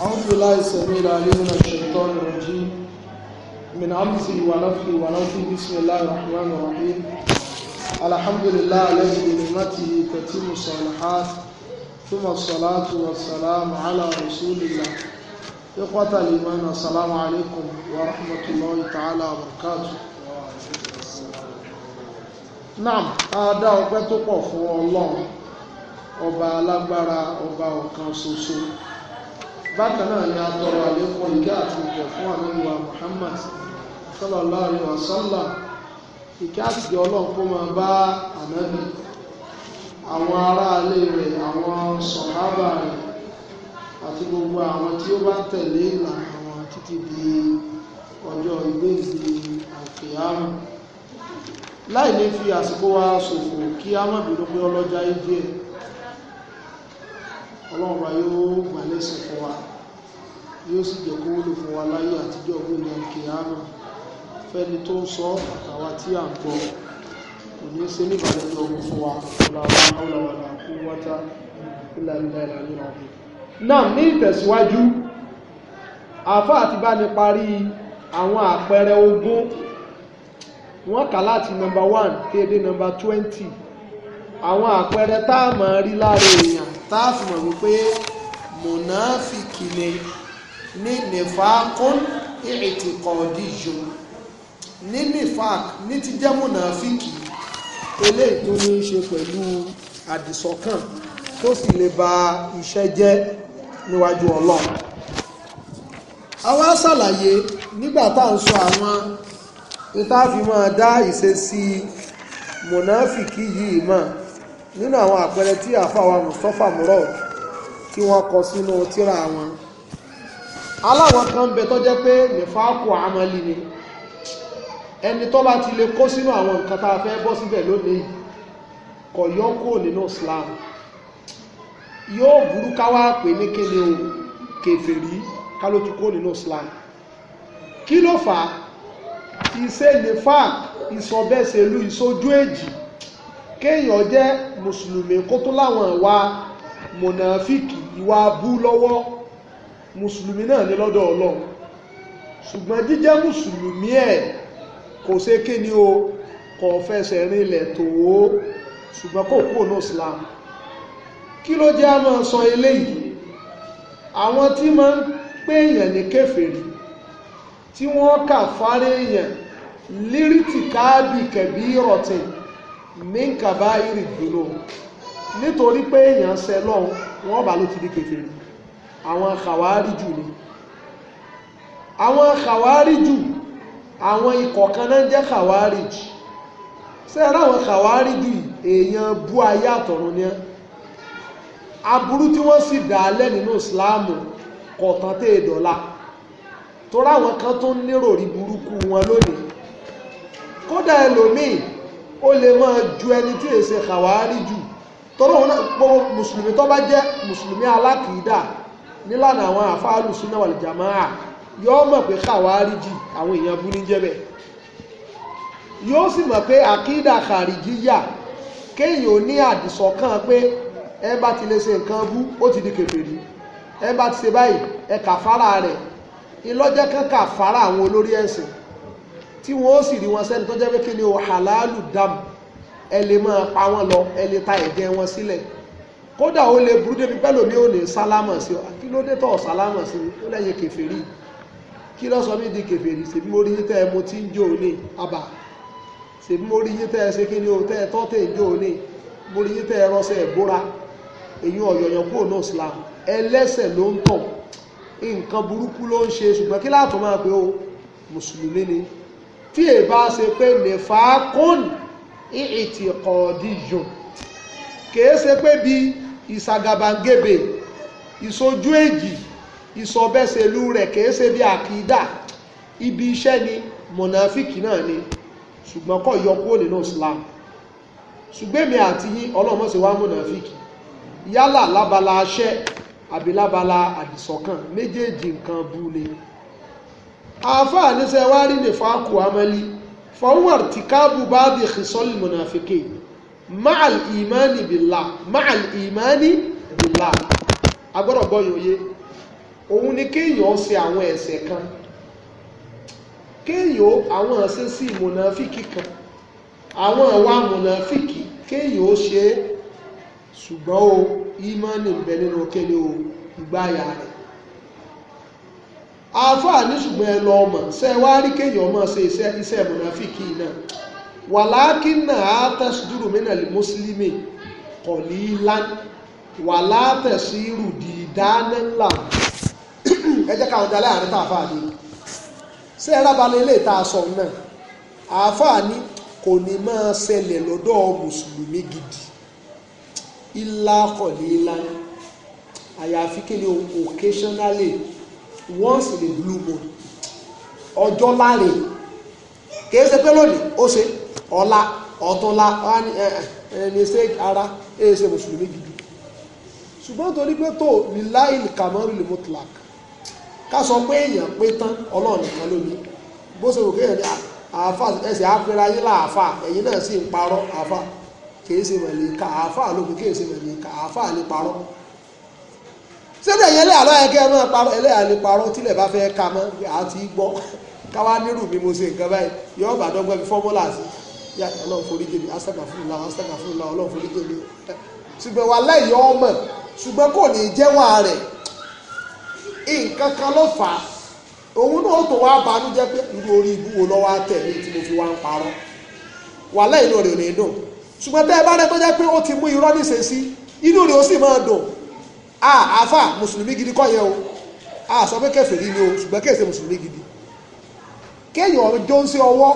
أعوذ بالله السميع العليم من الشيطان الرجيم من عمزه ونفخه ونفخه بسم الله الرحمن الرحيم الحمد لله الذي بنعمته تتم الصالحات ثم الصلاة والسلام على رسول الله إخوة الإيمان السلام عليكم ورحمة الله تعالى وبركاته نعم هذا dá ọpẹ́ tó pọ̀ fún Ọlọ́run, ọba alágbára, ọba ọ̀kan ṣoṣo bákan náà ni a tọrọ àlékún ìkẹ́ àti ìkẹ́ fún àlúwà Muhammad sallallahu alaihi wasallam ìkẹ́ àti ìkẹ́ ọlọ́run kó máa bá ànábì àwọn aráalé rẹ̀ àwọn sọ̀hábà rẹ̀ àti gbogbo àwọn tí ó bá tẹ̀lé ìlànà àwọn títí di ọjọ́ ìgbéǹde àkèyàmù láì ní fi àsìkò wa ṣòfò kí a má bínú pé ọlọ́jà yìí díẹ̀ ọlọ́run bá yóò gbà lẹ́sìn fún wa yóò sì jẹ́ kó wúlò fún wa láyé àtijọ́ gbóni kìáàmù fẹ́ni tó ń sọ àtàwa tí à ń gbọ́ kò ní ṣe ní ìbàlẹ́jọ́ ọmọ fún wa ọlọ́run wọ́n kà láti nọmba one kéde nọmba twenty àwọn àpẹẹrẹ tá a máa rí lára èèyàn táàfìmọ̀ wípé mùnáfìkì ni ní nìfàákún ìrìtìkọ̀ọ́díjò ní nìfàák ní ti jẹ́ mùnáfìkì eléyìí tó ní í ṣe pẹ̀lú àdìsọ́kàn tó sì lè ba iṣẹ́ jẹ́ níwájú ọlọ́run àwa ṣàlàyé nígbà tá à ń sọ àwọn ìtàfimọ̀ dá ìṣesí mùnáfìkì yìí mọ́ nínú àwọn àpẹẹrẹ tí àfàwà Mustapha Murad tí wọ́n kọ sínú tírà wọn aláwọn kan bẹ tó jẹ́ pé nìfàákù àmàlì ni ẹni tó bá ti lè kó sínú àwọn nǹkan tá a fẹ́ bọ́ síbẹ̀ lónìí kò yọ kúrò nínú Islam yóò burú káwá pè ní kéde o kèfèrí ká ló ti kúrò nínú Islam kí ló fà á ìṣe nìfàákù ìsọbẹ́sẹ̀lú ìsojú èjì kéèyàn jẹ́ mùsùlùmí kó tó láwọn ìwà mọ̀nàfíìkì ìwà bú lọ́wọ́ mùsùlùmí náà ní lọ́dọ̀ ọlọ́run ṣùgbọ́n jíjẹ́ mùsùlùmí ẹ̀ kò ṣe kí ni o kò fẹsẹ̀ rinlẹ̀ tó ṣùgbọ́n kò kúrò ní islam kí ló jẹ́ a máa sọ eléyìí àwọn tí máa ń pé èèyàn ní kèfèrí tí wọ́n kà fárẹ́ èèyàn lírìtì káàbì kẹ̀bí rọ̀tìn mínkàbá irì dùnú nítorí pé èèyàn ṣẹ lọ́hùn wọ́n bá ló ti di kèfèrí àwọn kàwárí jù ni àwọn kàwárí jù àwọn ikọ̀ kan náà jẹ́ kàwárí jù sẹ́ẹ̀rọ àwọn kàwárí jù èèyàn bú ayé àtọ̀run ni aburú tí wọ́n sì dàálẹ̀ nínú ìsìláàmù kọ̀ọ̀tàn tẹ́ ìdọ̀la torí àwọn kan tó ń nírò rí burúkú wọn lónìí kódà ẹlòmíì ó lè máa ju ẹni tí èsè kàwárí jù tọ́lọ́hún náà gbogbo mùsùlùmí tó bá jẹ́ mùsùlùmí alákìídà nílànà àwọn àfáàlù súnà wal jamaa yóò mọ̀ pé kàwárí jì àwọn èèyàn bú ní jẹ́bẹ̀ yóò sì mọ̀ pé àkídà kàríjì yà kéèyàn ò ní àdìsọ́kàn pé ẹ bá ti lè ṣe nǹkan bú ó ti di kèfèrí ẹ bá ti ṣe báyìí ẹ kàfárà rẹ̀ ìlọ́jẹ́ kan kàfárà àwọn olórí ẹ̀sìn tí wọ́n ó sì rí wọn sẹ́ni tó jẹ́ pé kí ni o halalu dam ẹ lè máa pa wọ́n lọ ẹ lè ta ẹ̀jẹ̀ wọn sílẹ̀ kódà ó lè burú débi pẹ́lú mi ò ní sálámà sí ọ kí ló dé tọ̀ sálámà sí ó lẹ́yìn kèfèrí kí ló sọ mí di kèfèrí ṣèbí mo rí yín tẹ́ ẹ mo ti ń jó o ní abà ṣèbí mo rí yín tẹ́ ẹ ṣe kí ni o tẹ́ ẹ tọ́ tẹ̀ ń jó o ní mo rí yín tẹ́ ẹ rọ́ṣẹ́ ẹ̀ bóra èyí ọ̀yọ̀yọ̀ kúrò ní Islam ẹlẹ́sẹ̀ ló ń tọ̀ nǹkan burúkú ló ń ṣe ṣùgbọ́n kí láàtọ̀ máa pe o mùsùlùmí ni tí è bá ṣe pé nefakun ìtìkọ̀ọ̀dìyùn kìí ṣe pé bí ìsàgàbàǹgebè ìsojú èjì ìsọbẹ́sẹ̀lú rẹ̀ kìí ṣe bí àkídà ibi iṣẹ́ ni mọ̀nàfíkì náà ni ṣùgbọ́n kọ́ yọ kúrò nínú Islam ṣùgbọ́n èmi àti yín ọlọ́mọ wá mọ̀nàfíkì yálà lábala aṣẹ́ àbí lábala àdìsọ́kàn méjèèjì nǹkan bú ni àáfàá níṣẹ́ wá rí ní fàákù amẹ́lí fọwọ́n tí káàbù bá di kìsọ́lì mọ̀nàfíkè máàl ìmánì bìlá máàl ìmánì bìlá agbọ́dọ̀ gbọ́yìn òye òun ni kéèyàn ṣe àwọn ẹ̀ṣẹ̀ kan kéèyàn àwọn ẹ̀ṣẹ̀ sí mọ̀nàfíkì kan àwọn ẹ̀wà mọ̀nàfíkì kéèyàn ó ṣe ṣùgbọ́n o ìmánì ń nínú kéde o ìgbáyà rẹ̀ àáfàá ní ṣùgbọ́n ẹ lọ ọmọ ṣe wá rí kéèyàn ọmọ ṣe iṣẹ́ iṣẹ́ mọ̀nàfíkì náà wà láàkín náà á tẹ̀sídúró mẹ́nà lè mùsùlùmí kọ̀ ní lán wà látẹ̀sírù dìdáná ńlá ẹ jẹ́ káwọn jalẹ́ àárín tààfàá ni ṣé ẹ rábalẹ̀ ilé ìta aṣọ náà àáfàá ni kò ní máa ṣẹlẹ̀ lọ́dọ̀ mùsùlùmí gidi Ilá kọ̀ ní lán àyàfi kí ni occasionally once in a blue moon ọjọ́ láre kìí ṣe pé lónìí ó ṣe ọ̀la ọ̀túnla ẹni ṣe ara ẹni ṣe mùsùlùmí gidi ṣùgbọ́n torí pé tó lílá ìkàmọ́rù lè mutlak ká sọ pé èèyàn pé tán ọlọ́run nìkan lónìí bó ṣe wò kéèyàn ní àáfà ẹsẹ̀ àpẹẹrẹ ayé láàfà ẹ̀yìn náà sì ń parọ́ àáfà kìí ṣe mọ̀lẹ́ka àáfà lókun kìí ṣe mọ̀lẹ́ka àáfà lè parọ́ sẹ́dọ̀ ẹ̀yẹn lẹ́yà lọ́yẹ kẹ́ ẹ máa parọ́ ẹlẹ́yà lè parọ́ tílẹ̀ bá fẹ́ ka mọ́ àti gbọ́ káwá nírù mi mo ṣe nǹkan báyìí yọ̀ọ́ bá dọ́gbọ́n fi fọ́múlà sí yá ọlọ́run forí jèmi asẹ́gbà fún ìlà asẹ́gbà fún ìlà ọlọ́run forí jèmi ṣùgbọ́n wà láyé ọmọ ṣùgbọ́n kò ní jẹ́wọ́ rẹ̀ nǹkan kan ló fà á òun náà tó wá banújẹ́ pé irú orí ibú wo lọ́wọ́ tẹ̀lé tí mo fi wá ń parọ́ wà láyé inú rẹ̀ ò ní dùn ṣùgbọ́n tẹ́ ẹ bá rẹ tó jẹ́ pé ó ti mú irọ́ níṣẹ́ sí inú rẹ̀ ó sì máa dùn a ah, àáfà mùsùlùmí gidi kọ́ yẹ o a sọ pé kèfèrí ni o ṣùgbọ́n kèsè mùsùlùmí gidi kéèyàn jó ń sí ọwọ́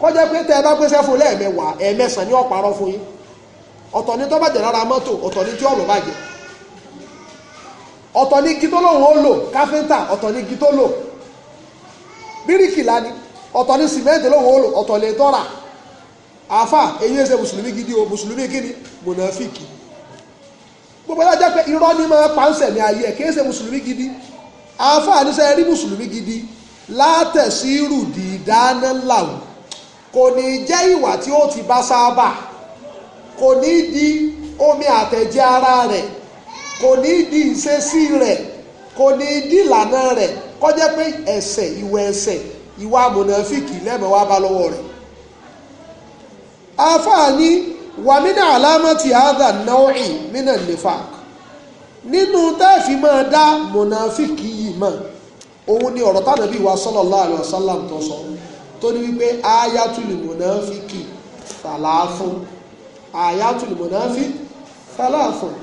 kọjá pé tẹ́ ẹ bá gbéṣẹ́ fún lẹ́ẹ̀mẹwàá ẹ̀ẹ̀mẹsàn ní ọ̀parọ́ fún yín ọ̀tọ̀ ni tó bàjẹ́ lára mọ́tò ọ̀tọ̀ ni tí ọ̀rọ̀ bàjẹ́ ọ̀tọ̀ ni igi tó lòun ó lò káfíńtà ọ̀tọ̀ ni igi tó lò bíríkìlà ni ọ̀tọ̀ ni sìmẹ́ǹtì lòun ó lò ọ̀tọ̀ lè tọ́ra àáfà èyí ẹsẹ̀ mùsùlùmí gidi o mùsùlùmí kíni mùnàfíìkì gbogbo ẹ̀dá jẹ́ pé irọ́ ni máa pa ń sẹ̀mí ayé ẹ̀ kìí ṣe mùsùlùmí gidi àáfàá ṣe rí mùsùlùmí gidi látẹ̀sí rùdì ìdáná làwù kò ní jẹ́ ìwà tí ó ti bá sábà kò ní di omi àtẹ̀jẹ́ ara rẹ̀ kò ní di ìṣesí rẹ̀ kò ní di ìlànà rẹ̀ kọjá pé ẹ̀ṣẹ̀ ìwẹ̀ ẹ̀ṣẹ̀ ìwà mọ̀nàfíìkì lẹ́mọ̀ wá bá lọ́wọ́ rẹ̀ àáfàá wàmínà alámọ̀tì àdà náwọ̀ì mínà nifaq nínú tẹ́ẹ̀fì máa dá mọ̀nàfíkì yìí mọ̀ òun ni ọ̀rọ̀ tánàbí wa sallallahu alaihi wasallam tó sọ tó ní wípé ayatul mọ̀nàfíkì fàlàáfún ayatul mọ̀nàfíkì fàlàáfún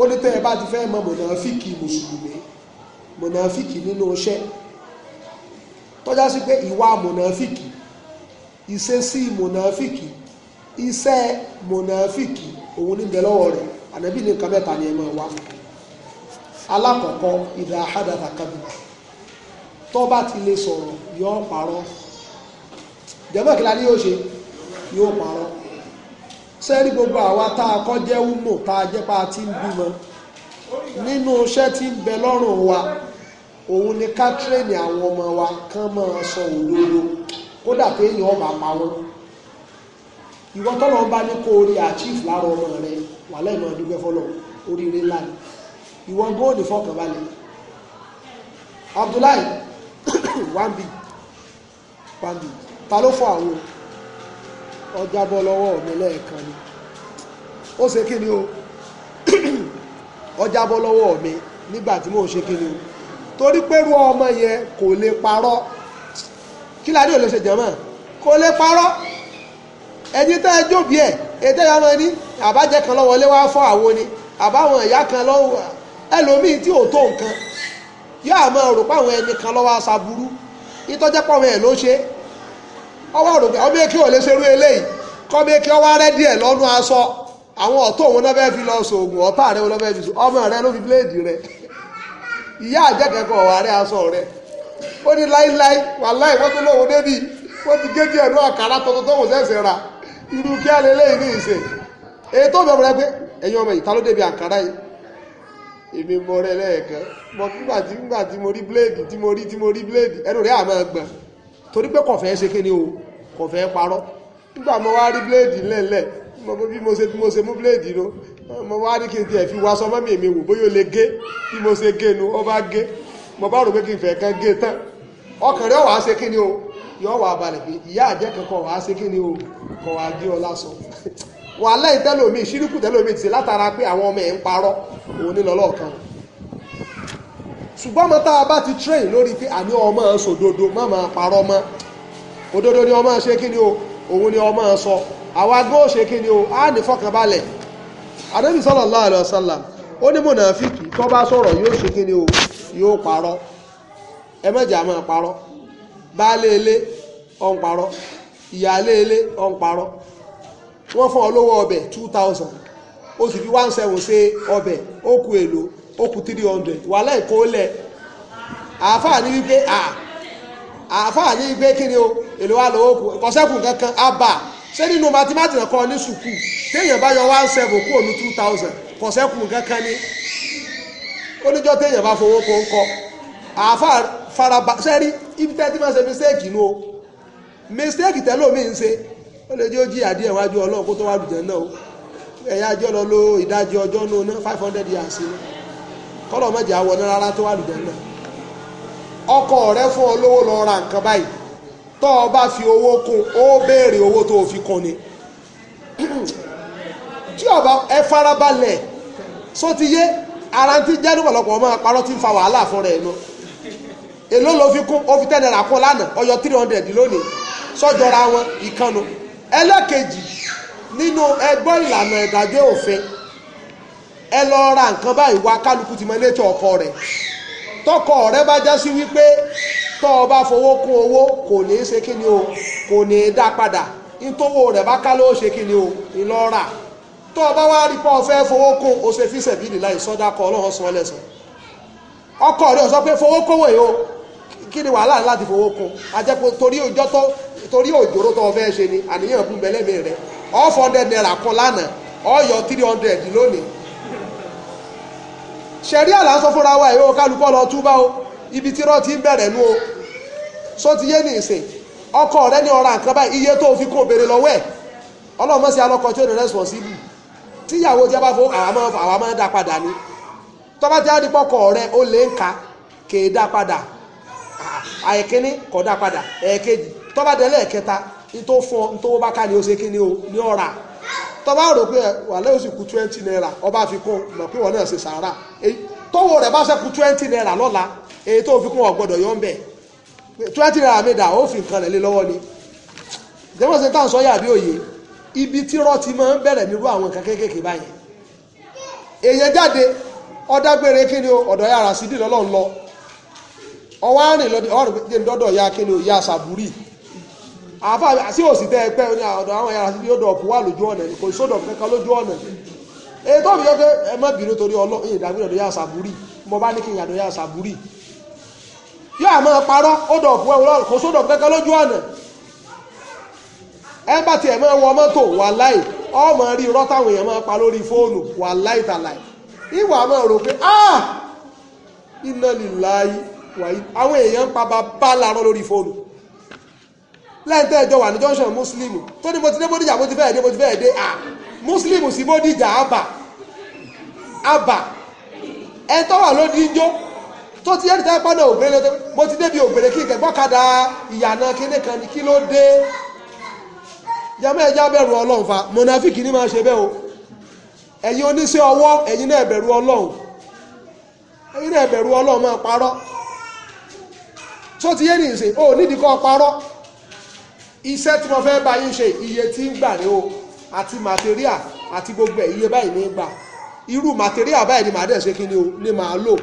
ó ní tẹ́ẹ̀ bá ti fẹ́ mọ mọ̀nàfíkì mùsùlùmí mọ̀nàfíkì nínú iṣẹ́ tọ́já sí pé ìwà mọ̀nàfíkì ìṣesí mọ̀nàfíkì iṣẹ́ mọ̀nàfíkì òun ní bẹ̀lọ́wọ́ rẹ̀ ànábì ní nǹkan mẹ́ta ni ẹ máa wá alákọ̀ọ́kọ́ ìdá àdáta kábìlì tó bá ti lè sọ̀rọ̀ yóò parọ́ jẹ́mọ̀ kí la ní yóò ṣe yóò parọ́ sẹ́rí gbogbo àwa tá a kọ́ jẹ́ wúmọ̀ tá a jẹ́ pa ń bímọ nínú iṣẹ́ tí ń bẹ lọ́rùn wa òun ni ká tírèèni àwọn ọmọ wa kán máa sọ òdodo kódà téèyàn ọba pa wọn ìwọ tọ́lọ̀ bá ní kó orí achieve lára ọmọ rẹ wà lẹ́nu ọdúgbẹ́ fọlọ́ oríire ńlá ni ìwọ góòlù fọkànbalẹ̀ Abdullahi wambi wambi ta ló fọ àwọn ọjà bọ́ lọ́wọ́ mi lẹ́ẹ̀kan ni ó ṣe kí ni o ọjà bọ́ lọ́wọ́ mi nígbà tí mò ń ṣe kí ni o torí pẹ̀rú ọmọ yẹn kò lè parọ́ kí ládé ò lè ṣe jẹ́mọ̀ kò lè parọ́ ẹni tá a jóbi ẹ̀ ètò ìyá máa ní àbájẹ kan lọ wọlé wá fọ́ àwo ni àbáwọn ẹ̀yà kan lọ ẹlòmíì tí ò tó nǹkan yóò àmọ́ rò pé àwọn ẹni kan lọ́wọ́ aṣaburú ìtọ́jẹ́ pọ̀ wọn ẹ̀ ló ṣe ọwọ́ ọmọ èké ò lè ṣerú eléyìí èké ọwọ́ arẹ́ díẹ̀ lọ́nu aṣọ àwọn òun náà fẹ́ irú kí á lè léyìn ní ìsìn èyí tó bẹ̀rẹ̀ pé ẹ̀yin ọmọ ìta ló débi àǹkárá yìí èmi mọ rẹ lẹ́ẹ̀kan mọ nígbà tí nígbà tí mo rí bléèdì tí mo rí tí mo rí bléèdì ẹnu rẹ àmọ́ ni o kọ̀fẹ́ parọ́ nígbà mo wá rí bléèdì lẹ́lẹ̀ mo bí mo ṣe bí mo ṣe mú bléèdì nu mo wá rí kí n tiẹ̀ fi wá sọ mọ́mí èmi wò bóyá o gé bí mo ṣe gé gé mo bá rò pé kí n gé tán ọkàn ṣe kí ni o yọ wà balẹ̀ pé ìyá àjẹ́ kankan wàá ṣe kí ni o kọ̀ wá gé ọ lásán wàhálà ìtẹ́lómi ìṣíríkù tẹ́lómi ti látara pé àwọn ọmọ ẹ̀ ń parọ́ òun ní lọ́lọ́ọ̀kan ṣùgbọ́n ọmọ a bá ti train lórí pé àní ọmọ ẹ̀ sòdodo má máa parọ́ mọ́ òdodo ni ọmọ ṣe kí o òun ni ọmọ sọ àwa gbọ́ ṣe kí ni o á ní fọkànbalẹ̀ Ànábì sallallahu alaihi wasallam ó ní mùnàfíkì tó bá sọ̀rọ̀ yóò ṣe kí ni o yóò parọ́ ẹ mẹ́jà máa baálé ilé ọ̀n parọ́ ìyáálé ilé ọ̀n parọ́ wọ́n fún ọ ọbẹ̀ two thousand o sì fi one seven ṣe ọbẹ̀ ó ku èlò ó ku three hundred wàhálà ìkólẹ̀ àáfàá ní wípé à àáfàá ní wípé kí ni o èlò wa lọ́wọ́ kù kọ́sẹ́kù kankan àbà ṣé nínú mathematics kan ní sùkúù téèyàn bá yọ one seven kúrò ní two thousand kọ́sẹ́kù kankan ní oníjọ́ téèyàn bá fowó kó ń kọ́ àáfàá faraba sẹ́rí ibi tẹ́tí máa say mistake nu o mistake tẹ́lómi ń ṣe o le jẹ́ ji jìyà díẹ̀ wájú ọlọ́run kó na o eya ajọ́ lo ìdajì ọjọ́ náà ná five si years ni kọ́lọ̀ mẹ́jẹ̀ àwọn náà rárá tó wà lùjẹ́ ọkọ rẹ fún ra o fi owo kun o beere owo to o fi kún ni tí o bá ti ye ara ti ọmọ ti èló ló fi kún ó fi ten naira kún lánàá ọyọ three hundred lónìí sọ́jọ́ra wọn ìkànnù ẹlẹ́kejì nínú ẹgbọ́n ìlànà ìdájọ́ òfin ẹ lọ ra nǹkan báyìí wá kálukú ti mọ létí ọkọ rẹ tọkọ rẹ bá já sí wípé tọ́ ọ bá fowó kún owó kò ní í ṣe kí ni o kò ní í dá padà nítòwó rẹ̀ bá ká ló ṣe kí ni o ìlọ́ra tọ́ ọ bá wá rí pọ́ fẹ́ fowó kún o ṣe fi ṣẹ̀bí nìlá ìsọdá kọ ọlọ́run sọ lẹ́sàn ọkọ rẹ ò sọ pé fowó kówó yìí o kí ni wàhálà láti fowó kun ajẹ́pọ̀ torí òjò tó torí òjòrò tó fẹ́ ṣe ni àníyàn fún bẹ́lẹ́mì rẹ off hundred naira kan lánàá ọyọ three hundred lónìí ṣẹ̀rí àlà ń sọ fúnra wa o kálukọ́ lọ túbá o ibi tí rọ́ọ̀tì ń bẹ̀rẹ̀ nú o só ti yé ní ìsìn ọkọ rẹ ní ọ̀ra nǹkan báyìí iye tó fi kó béèrè lọ́wọ́ ẹ̀ ọlọ́mọ sí alọ́kọ tí ó ní responsible tíyàwó tí a bá fọ àwa máa ń dá padà ni tọ́ba tí a dípọ̀ kọ̀ rẹ ó lè ń ka kè é dá padà Ah, àìkíní kọ̀dá padà ẹ̀ẹ̀kejì tọ́ba délé ẹ̀kẹta nítò fún ọ nítò bá ká ní ó ṣe ni o ní ọ̀rà tọ́ba rò pé wàlẹ́ òsì kú twenty naira ọba fi mọ̀ pé wọn náà ṣe sàárà tọ́wọ́ rẹ̀ bá ṣe kú twenty naira lọ́la èyí tó fi kún ọ̀gbọ́dọ̀ yọ̀ ń bẹ̀ twenty naira mi dà ó fi nǹkan rẹ̀ lé lọ́wọ́ ni jẹ́wọ́n ṣe táwọn sọ́yà bí òye ibi tí máa ń bẹ̀rẹ̀ nírú àwọn nǹkan kéékèèké báyẹn èèyàn jáde ọ̀dàgbére kí ni ọwọ́ àrìn lọ́dẹ ọwọ́ dọ́dọ̀ ya kí ni òye àfa sí òsì tẹ́ ní ọdọ àwọn yàrá síbi lójú ọ̀nà kò sódò lójú ọ̀nà èyí tó fi yọ pé ẹ má bínú torí ìdàgbé ya àṣàbùrì mo bá ní kí ya àṣàbùrì yóò àmọ́ parọ́ kò sódò lójú ọ̀nà ẹ bá tiẹ̀ mọ́tò ọmọ rí pa lórí fóònù ìwà wàyí àwọn èèyàn ń pa bàbá làárọ̀ lórí fóònù lẹ́yìn tẹ́ ẹjọ́ wà ní junction muslim tó ní mo ti dé bódìjà mo ti fẹ́ẹ̀ dé mo ti fẹ́ẹ̀ dé à ah, muslim sí bódìjà àbà àbà ẹ tó wà lódi ijó tó ti yẹ́nì tẹ́pọ́ náà òbèrè lọ́tẹ́ mo ti débi òbèrè kí ìkẹ́ gbọ́kadà ìyànà kíní kan ní kí ló dé yàmẹ́ ẹja bẹ̀rù ọlọ́run fa mọ̀nàfíkì ní máa ṣe bẹ́ẹ̀ o ẹ̀yin oníṣẹ́ ọwọ́ ẹ̀yin náà bẹ̀rù ọlọ́run ẹ̀yin náà bẹ̀rù ọlọ́run máa parọ́ tó ti yé ní ìsìn o nídìí kọ́ parọ́ iṣẹ́ tí mo fẹ́ bá yín ṣe iye tí ń gbà ní o àti màtíríà àti gbogbo ẹ̀ iye báyìí ní gbà irú màtíríà báyìí ni màá dẹ̀ ṣe kí ni o ni màá lò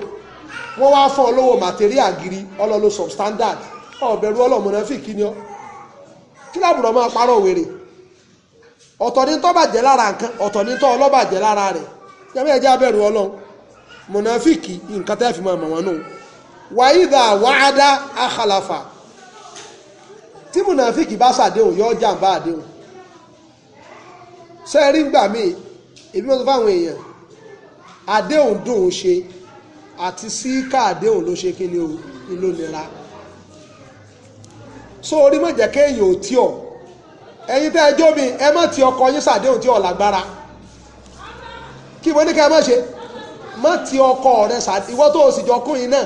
wọ́n wá fún ọ lówó màtíríà giri ọlọ́lọ́ substandard ọ̀bẹ̀rù ọlọ́mọdé fi kí ni ọ kí lábùrọ̀ máa parọ́ wèrè ọ̀tọ̀ ní tọ́ bàjẹ́ lára nǹkan ọ̀tọ̀ ní tọ́ ọlọ́bàjẹ́ lára rẹ̀ jẹ́mí ẹ̀jẹ̀ abẹ́rù ọlọ́run mọ̀nàfíìkì nǹkan tẹ́ fi máa mọ̀ wọn náà wàyídà wàádá àkàlàfà tí mùnàfíkì bá ṣàdéhùn yọ jàǹbá àdéhùn sẹ́ẹ̀rí gbà mí èmi wọn sọ fáwọn èèyàn àdéhùn dùn ún ṣe àti síkà àdéhùn ló ṣe kíni ló nira so orí mọ̀jẹ̀ kéèyàn ò tí ọ̀ ẹ̀yin tẹ́ ẹ jó mi ẹ má ti ọkọ yín ṣàdéhùn tí ọ̀ lágbára kí mo ní ká ẹ má ṣe má ti ọkọ rẹ ṣàdéhùn ìwọ tó o sì jọ kún yín náà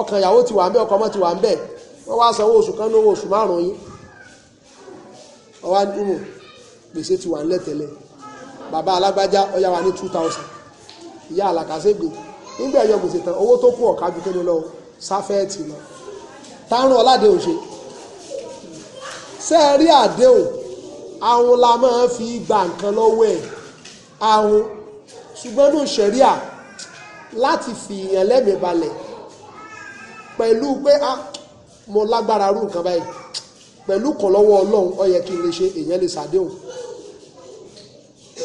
ọkàn ìyàwó ti wà ń bẹ ọkọ ọmọ ti wà ń bẹ wọ́n wá sanwó oṣù kan lówó oṣù márùn-ún yín ọwá nínú gbèsè ti wà ńlẹ̀ tẹ́lẹ̀ bàbá alágbájá ọyá wa ní two thousand ìyá àlàkàṣègbè nígbà ẹ̀yọ gbèsè tán owó tó kù ọ̀ka ju kéde lọ sáfẹ́ẹ̀tì lọ tárùn ọ̀làdéhùn ṣe sẹ́ẹ̀rí àdéhùn àwọn la máa ń fi gba nǹkan lọ́wọ́ ẹ̀ àwọn ṣùgbọ́n ní òṣèríà láti fi ìyàn lẹ́mìí balẹ̀ pẹ̀lú pé a ah, mo lágbára rú nǹkan báyìí pẹ̀lú kan lọ́wọ́ ọlọ́run ó yẹ kí n lè ṣe èèyàn lè ṣàdéhùn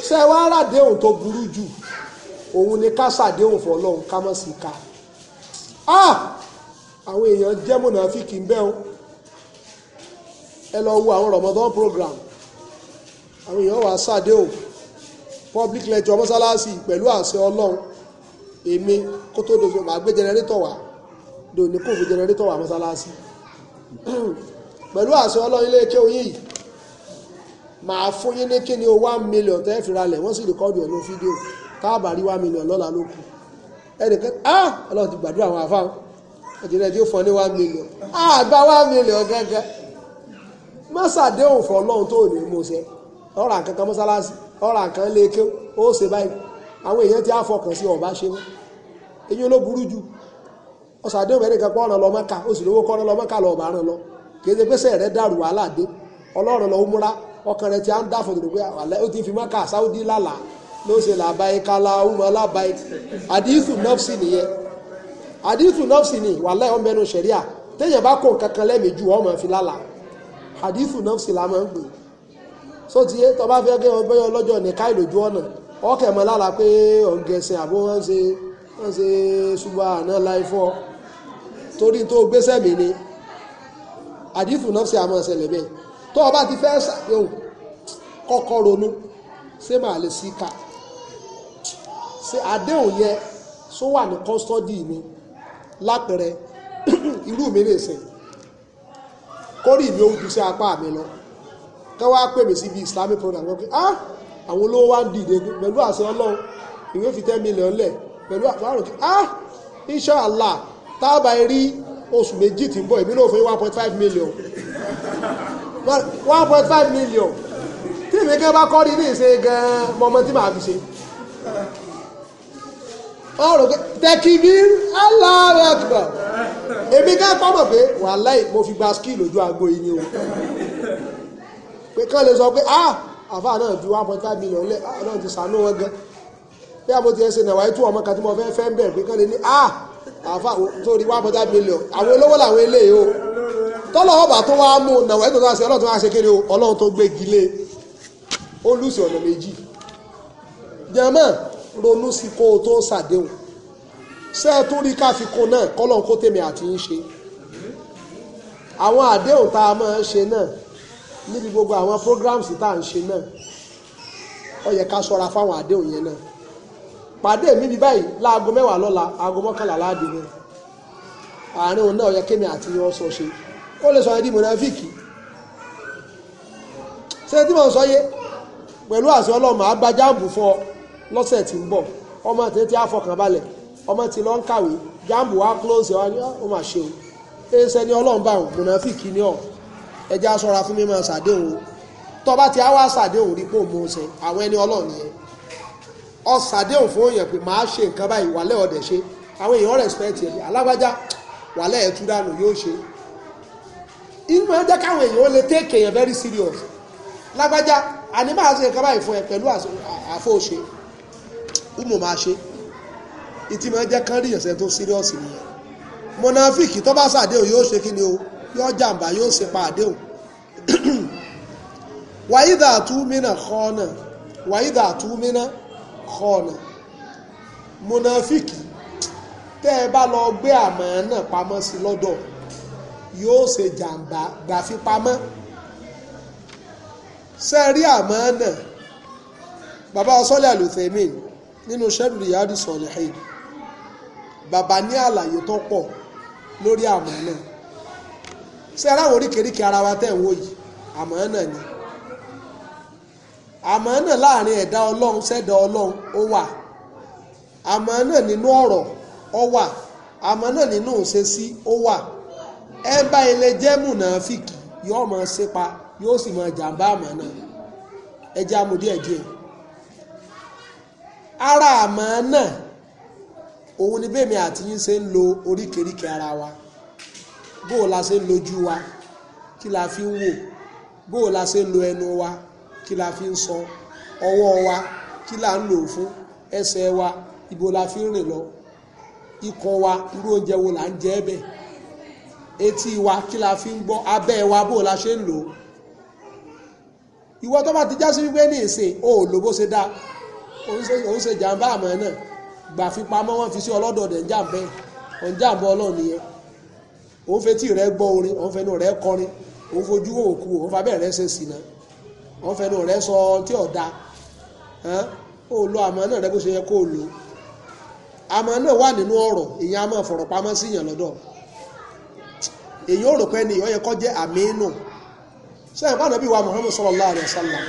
ṣé wàá ràdéhùn tó burú jù òun ni ká ṣàdéhùn fọlọ́run ká mọ̀ sí ká àwọn èèyàn jẹ́ mọ̀nàfíkì ń bẹ́ o ẹ lọ wo àwọn Ramadan program àwọn èèyàn wà ṣàdéhùn public lecture mọ́sálásì pẹ̀lú àṣẹ ọlọ́run èmi kó tó dojú màá gbé jẹnẹrétọ̀ wá dòní kò fi jẹnẹrétọ̀ wà pẹ̀lú àṣẹ ọlọ́run ilé oyin yìí màá fún yín ní o one million tẹ́ fi ralẹ̀ wọ́n sì rìkọ́dù ẹ̀ ló fídíò rí one million lọ́la ló kù ẹnìkan ti gbàdúrà one million gba one million tó ní ó ṣe báyìí àwọn èèyàn ti ọba ṣe ọ̀sàdé òmẹ́rin kan pọ́ ọ̀ràn lọ mọ́ka ó sì lówó kọ́rọ́ lọ mọ́ka lọ ọ̀mà ràn lọ kì í ṣe pèsè rẹ dàrú wàhálà dé ọlọ́run lọ múra ọkàn rẹ ti à ń dà fòtò pé àlẹ́ ó ti fi mọ́ka sáúdí lálàá ló ṣe làbáyé kálá ọmọ alábáyé àdìsù nọ́ọ̀sì nìyẹn àdìsù nọ́ọ̀sì ni wàhálà ọmọ ẹnu ṣẹ̀ríà téèyàn bá kó nǹkan kan lẹ́ẹ̀mejì ọmọ fi lálàá àdìsù nọ́ọ̀sì la máa ń gbé so ti yé tó bá fẹ́ gé wọn bẹ́yọ lọ́jọ́ nìka ìlójú ọ̀nà ọkẹ̀ mọ́ lálàá pé ọ̀ǹgẹ̀sẹ̀ àbó wọ́n ṣe wọ́n ṣe ṣùgbọ́n àná láì fọ́ torí tó gbéṣẹ́ mi ni àdìfù náà ṣe àmọ́ ṣẹlẹ̀ bẹ́ẹ̀ tó o bá ti fẹ́ ṣàdéhùn kọ́kọ́ ronú ṣé màá lè sí ká ṣe àdéhùn yẹn só wà ní kọ́sítọ́dì mi lápẹẹrẹ irú mi lè sìn kórì mi ó dùn sí apá mi lọ kí pè mí síbi islamic program wọ́n pé ah àwọn olówó wa ń dìde pẹ̀lú àṣẹ ọlọ́run ìwé fi tẹ́ mílíọ̀n lẹ̀ pẹ̀lú àtúwárò kí ah inshallah tábà rí oṣù méjì tí ń bọ̀ èmi náà fún one point five million one point five million tí èmi gan bá kọ́ rí ní ìṣe gan mọ́mọ́ tí màá fi ṣe ọ̀rọ̀ tẹkìbí aláàrẹ̀kùbà èmi gan pọ́mọ̀ pé wàláì mo fi gba skill lójú agbo yìí ni o pé kán lè sọ pé ah àfáà náà ju one point five million lẹ́ náà ti sànú wọn gan bí a mo ti ẹ ṣe nàwáyé tú ọmọ kan tí mo fẹ́ fẹ́ bẹ̀rẹ̀ pé kán lè ní ah àfa torí one point five million àwọn olówó làwọn eléyìí o tọ́lọ̀ ọba tó wá mú nàwọ̀ ẹ̀tọ́ tó wá sí ọlọ́run tó wá ṣe kéré o ọlọ́run tó gbé gilé ó lùsì ọ̀nà méjì jẹ́mọ́ ronú sí kó o tó ṣàdéhùn ṣé ẹ tó rí káfíkó náà kọ́lọ́n kó tèmi àti ń ṣe àwọn àdéhùn tá a máa ń ṣe náà níbi gbogbo àwọn programs tá à ń ṣe náà ó yẹ ká ṣọ́ra fáwọn àdéhùn yẹn náà pàdé mi bí báyìí láago mẹ́wàá lọ́la aago mọ́kànlá láàdì ni àárín òun náà yẹ kémi àti yan sọ ṣe ó lè sọ ẹni mọ̀nàfíìkì ṣé tí mo sọ yé pẹ̀lú àṣẹ ọlọ́mọ agbájáàbù fún ọ lọ́sẹ̀ tí ń bọ̀ ọmọ tí tí àfọkànbalẹ̀ ọmọ tí lọ kàwé jáàbù wa close ọ ọ ah, mà ṣe o ẹsẹ ni ọlọ́run bá mọ̀nàfíìkì ni ọ ẹjẹ́ aṣọra fún mi máa ṣàdéhùn tọ́ bá ti á wá ṣàdéhùn rí pò mọ́ ṣe àwọn ẹni ọlọ́run yẹn ọ̀sàdéhùn fún òyìn pé màá ṣe nǹkan báyìí wàlẹ́ ọ̀dẹ̀ ṣe àwọn èèyàn respect ẹ̀ alágbájá wàlẹ́ ẹ̀ dànù yóò ṣe inú ẹ jẹ́ káwọn èèyàn ó lè take èèyàn very serious lágbájá àní máa ṣe nǹkan báyìí fún ẹ pẹ̀lú àfọ̀ṣe umu máa ṣe ìtì máa jẹ́ kán rí ìyànṣẹ́ tó serious nìyẹn monafik tó bá ṣàdéhùn yóò ṣe kí ni o yóò jàǹbá yóò ṣe pa àdéhùn wàyídà àtúmínà kọ́ náà wàyídà àtúmínà kọ́ọ̀nà mùnàfíkì tẹ́ ẹ bá lọ gbé àmọ́ náà pamọ́ sí lọ́dọ̀ yóò ṣe jàǹbá gbàfi pamọ́ sẹ́ẹ̀rí àmọ́ náà bàbá sọ́lẹ̀ àlùfẹ́mí nínú sẹ́ẹ̀rì yàrá sọ̀rọ̀ ẹ̀yìn bàbá ní àlàyé tó pọ̀ lórí àmọ́ náà sẹ́ẹ̀rì àwọn oríkèéríkèé ara wa tẹ̀ ń wò yìí àmọ́ náà ni àmọ́ náà láàrin ẹ̀dá ọlọ́run sẹ́dá ọlọ́run ó wà àmọ́ náà nínú ọ̀rọ̀ ó wà àmọ́ náà nínú òṣèṣí ó wà ẹ bá ilé jẹ́ mùnàfíkì yóò máa ṣépa yóò sì máa jàǹbá àmọ́ náà ẹ jẹ́ amú díẹ̀ díẹ̀ ara àmọ́ náà òun ni bẹ́ẹ̀mi àti yín ṣe ń lo oríkèéríkèé ara wa bó la ṣe ń lojú wa kí la fi ń wò bó o la ṣe ń lo ẹnu wa kí la fi ń sọ ọwọ́ wa kí la ń lò fún ẹsẹ̀ wa ibo la fi ń rìn lọ ikọ̀ wa irú oúnjẹ wo là ń jẹ bẹ̀ etí wa kí la fi ń gbọ́ abẹ́ wa bó la ṣe ń lò ó ìwọ tó bá ti já sí wípé ní ìsìn ó lò bó ṣe dáa òun ṣe jàǹbá àmọ́ náà gbà fi pamọ́ wọn fi sí ọlọ́dọ̀ ọ̀dẹ̀ jàǹbẹ́ òun jàǹbá ọlọ́run nìyẹn òun fetí rẹ gbọ́ orin òun fẹnu rẹ kọrin òun fojú òkú òun fabẹ́ rẹ ṣe sí náà wọ́n fẹnu rẹ sọ tí ọ̀dà ó lo àmọ́ náà rẹ bó ṣe yẹ kó o lò àmọ́ náà wà nínú ọ̀rọ̀ èyàn á máa fọ̀rọ̀ pamọ́ sí yàn lọ́dọ̀ èyàn ò rò pé ni ìyọ́yẹ kọ́ àmì nù sẹ́yìn bá nàbí wa Muhammad sallallahu alaihi wasallam